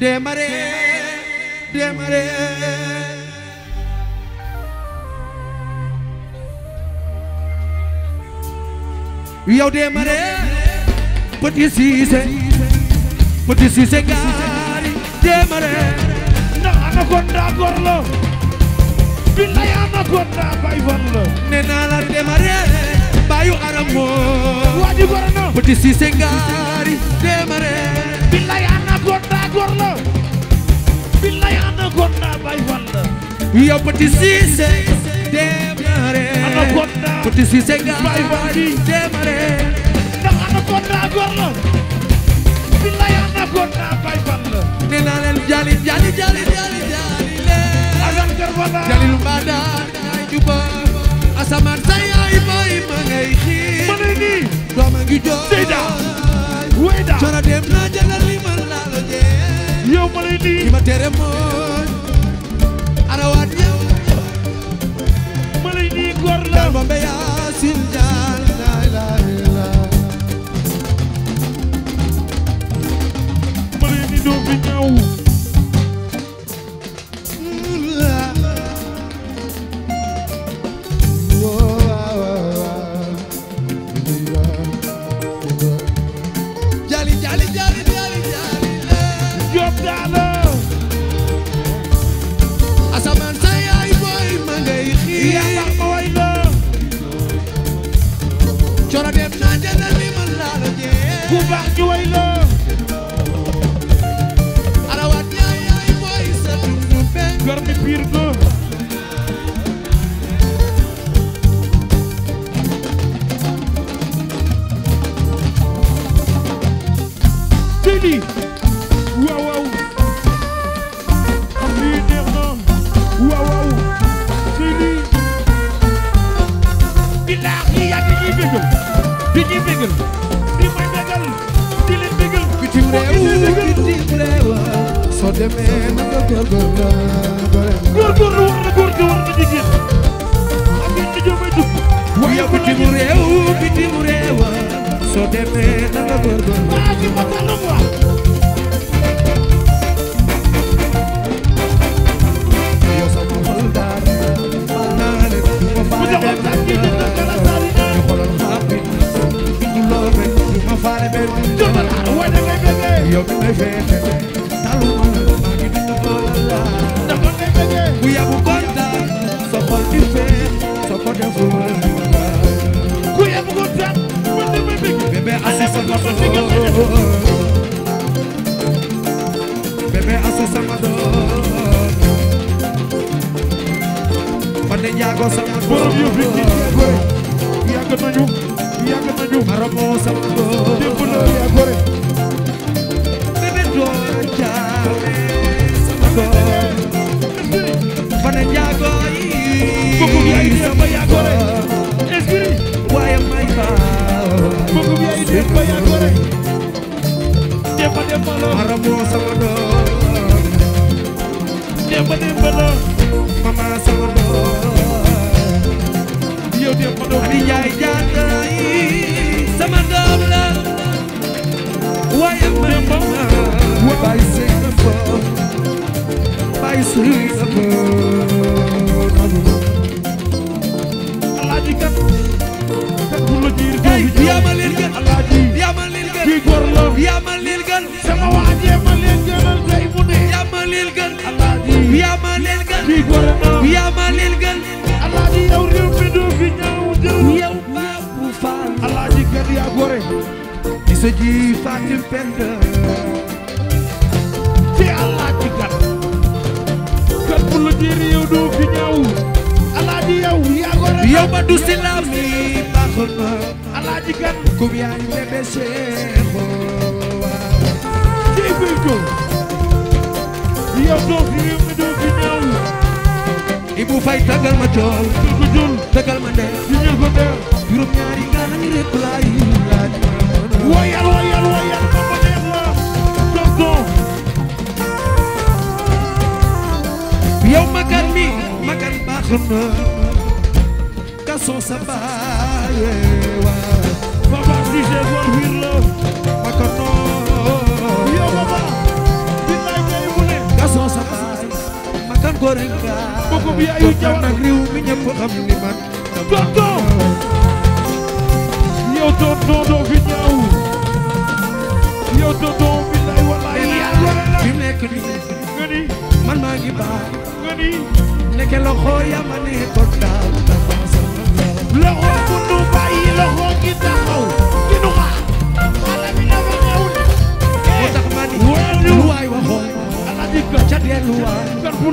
démarré démarré yow démarré Petit Cissé Petit Cissé gaari démarré ndax anaconda góor la billaay anaconda bay fan la nee naa la démarré bayu aram moo waaji góor na Petit Cissé gaari démarré billaay góor la billaay ana góor naa bay wàll yow Petit Cissé démaré ana góor naa Petit Cissé nga bay wàll démaré ndax ana góor naa góor la billaay ana góor naa bay wàll nee naa leen jali jali jali jali jali leen agan kër wala jali lu mbaa daan ay juba asamaan sa yaay bay ma ngay xiir ma ngay nii doom a ngi jooy Seyda Weyda coro dem na jëlal li ma la la jee yow ma lay di. li ma tere ma lay di góor la. daal moom ba yaasin jaal laay laay lay demee na nga góorgóorlu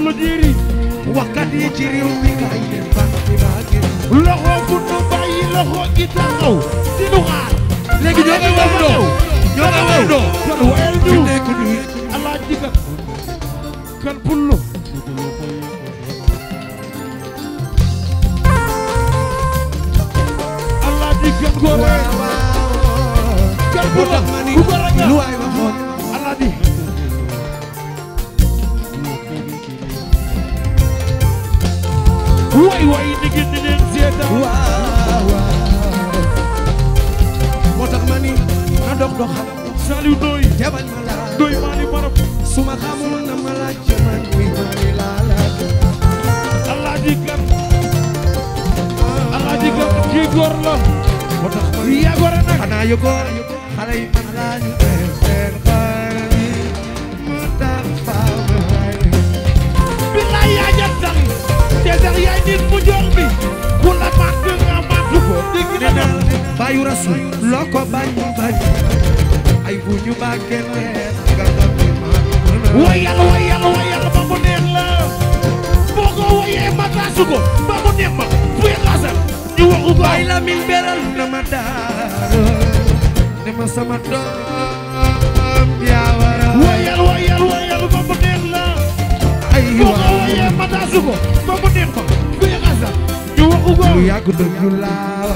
lu jiri waxkat yi ci réew mi kaay leen fàtte baake loxo bu nu bàyyi loxo gi taxaw di nu xaar léegi ñoo ngi war doo ñoo ngi war doo kon allah jika kan pullu allah jika gore kan pullu ku way way ni ngeen di leen seetaan waaw waaw moo tax ma ni na dox su ma xamoon na ma laaj man ma ni laa laaj alaaji kan alaaji kan kii góor la moo tax ma ni yaa góor a nag xanaa Césaire yaay nit mu jox bi ku la màgg nga màgg ko dégg na dem bàyyu rasul loo ko bañ bañ ay bu ñu màggee leen nga wayal wayal wayal ba mu neex la boo wayee ma taasu ko ba mu neex ma fuy xasal ñu waxu ay la min beral na ma daaro ne sama doom yaa waral yee mataasu ko ba mu neex ma bu yaxasa ñu waxu ko lu yàgg dëgg ñu laa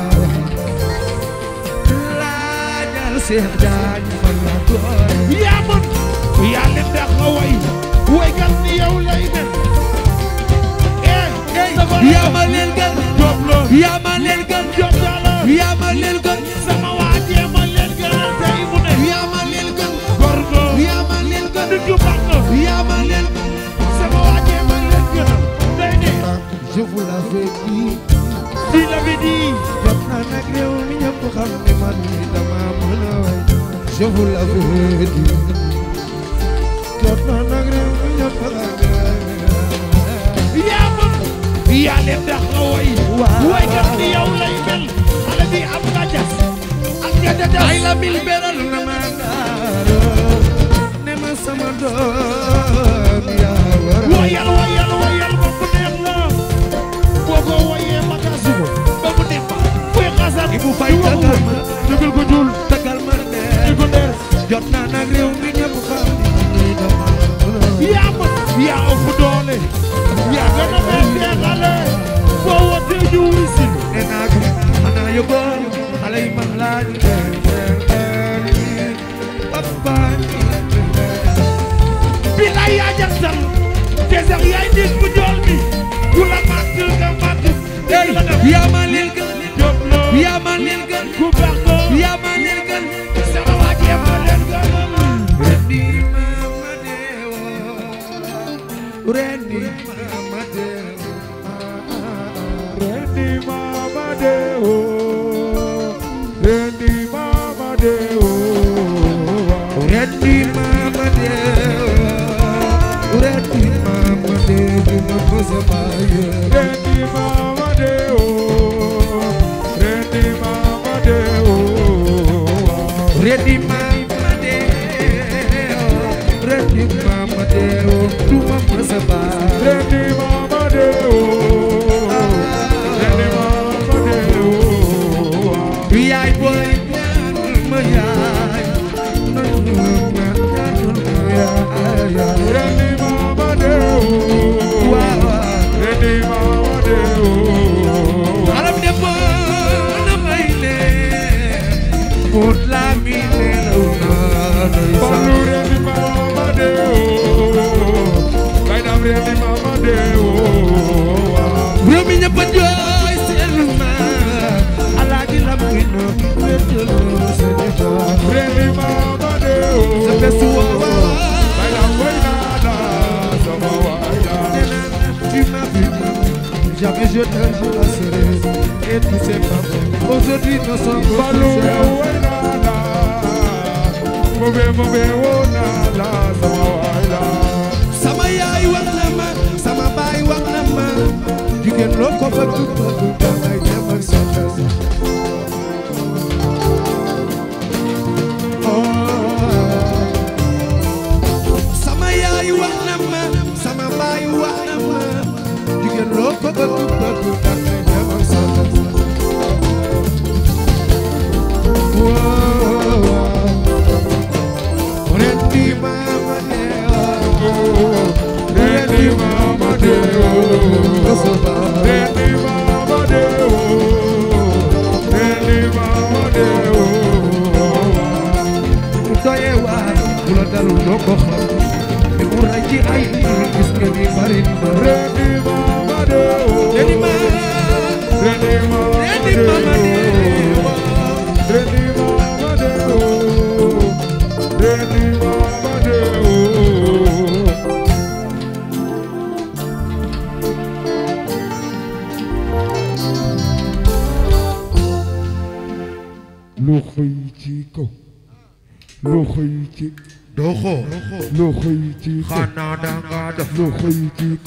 laajal seex jaañ man la doon yaa man yaa leen dàq nga way way gal ni yow lay mel yaa ma leen gën jom lo yaa ma leen gën jom daala yaa ma leen gën sama waa jee ma leen gën tey mu ne yaa ma leen gën gordo yaa ma leen gën du baax na je vous l'avais dit. si l'avais dit. jot naa nag réew mi ñëpp xam ne man mii dama mën a way. je vous l'avais dit. jot naa nag réew mi ñëpp xam ne. yaa mën. yaa leen ndax nga way. waaw way kat ni yow lay mel. xale bi am na jas. ak nga def ay la mil beral na ma daal. ne ma sama doom yaa war a. wayal wayal wayal ba ko woyee magasu ko ba mu neex ba kuy xasal fay tagal ma dugal ko jul ma ne ko jot naa nag réew mi ñëpp xam yaa ma yaa ëpp doole yaa gën a mel jeexale boo wootee ñu wuyu si ne naa ko xanaa yóbbal xale yi man laaj bilay yaa jantal te sax nit bu jool bi yaa ma leen gën yaa ma leen gën ku baax ko yaa ma leen gën sama waaj yaa ma leen gën rendi ma ma deewa rendi ma ma deewa rendi ma ma deewa et tous ses peuples. Aujourd'hui, nous sommes sama yaay wax na ma sama baay wax na ma jigéen loo ko fa tudd da ngay dem ak sa tas sama ah. yaay wax na ma sama baay wax na ma jigéen loo ko fa tudd da ngay Ready, mama, ready, mama, ready, mama. loo xëy ci. xanaa da nga def loo xëy ci.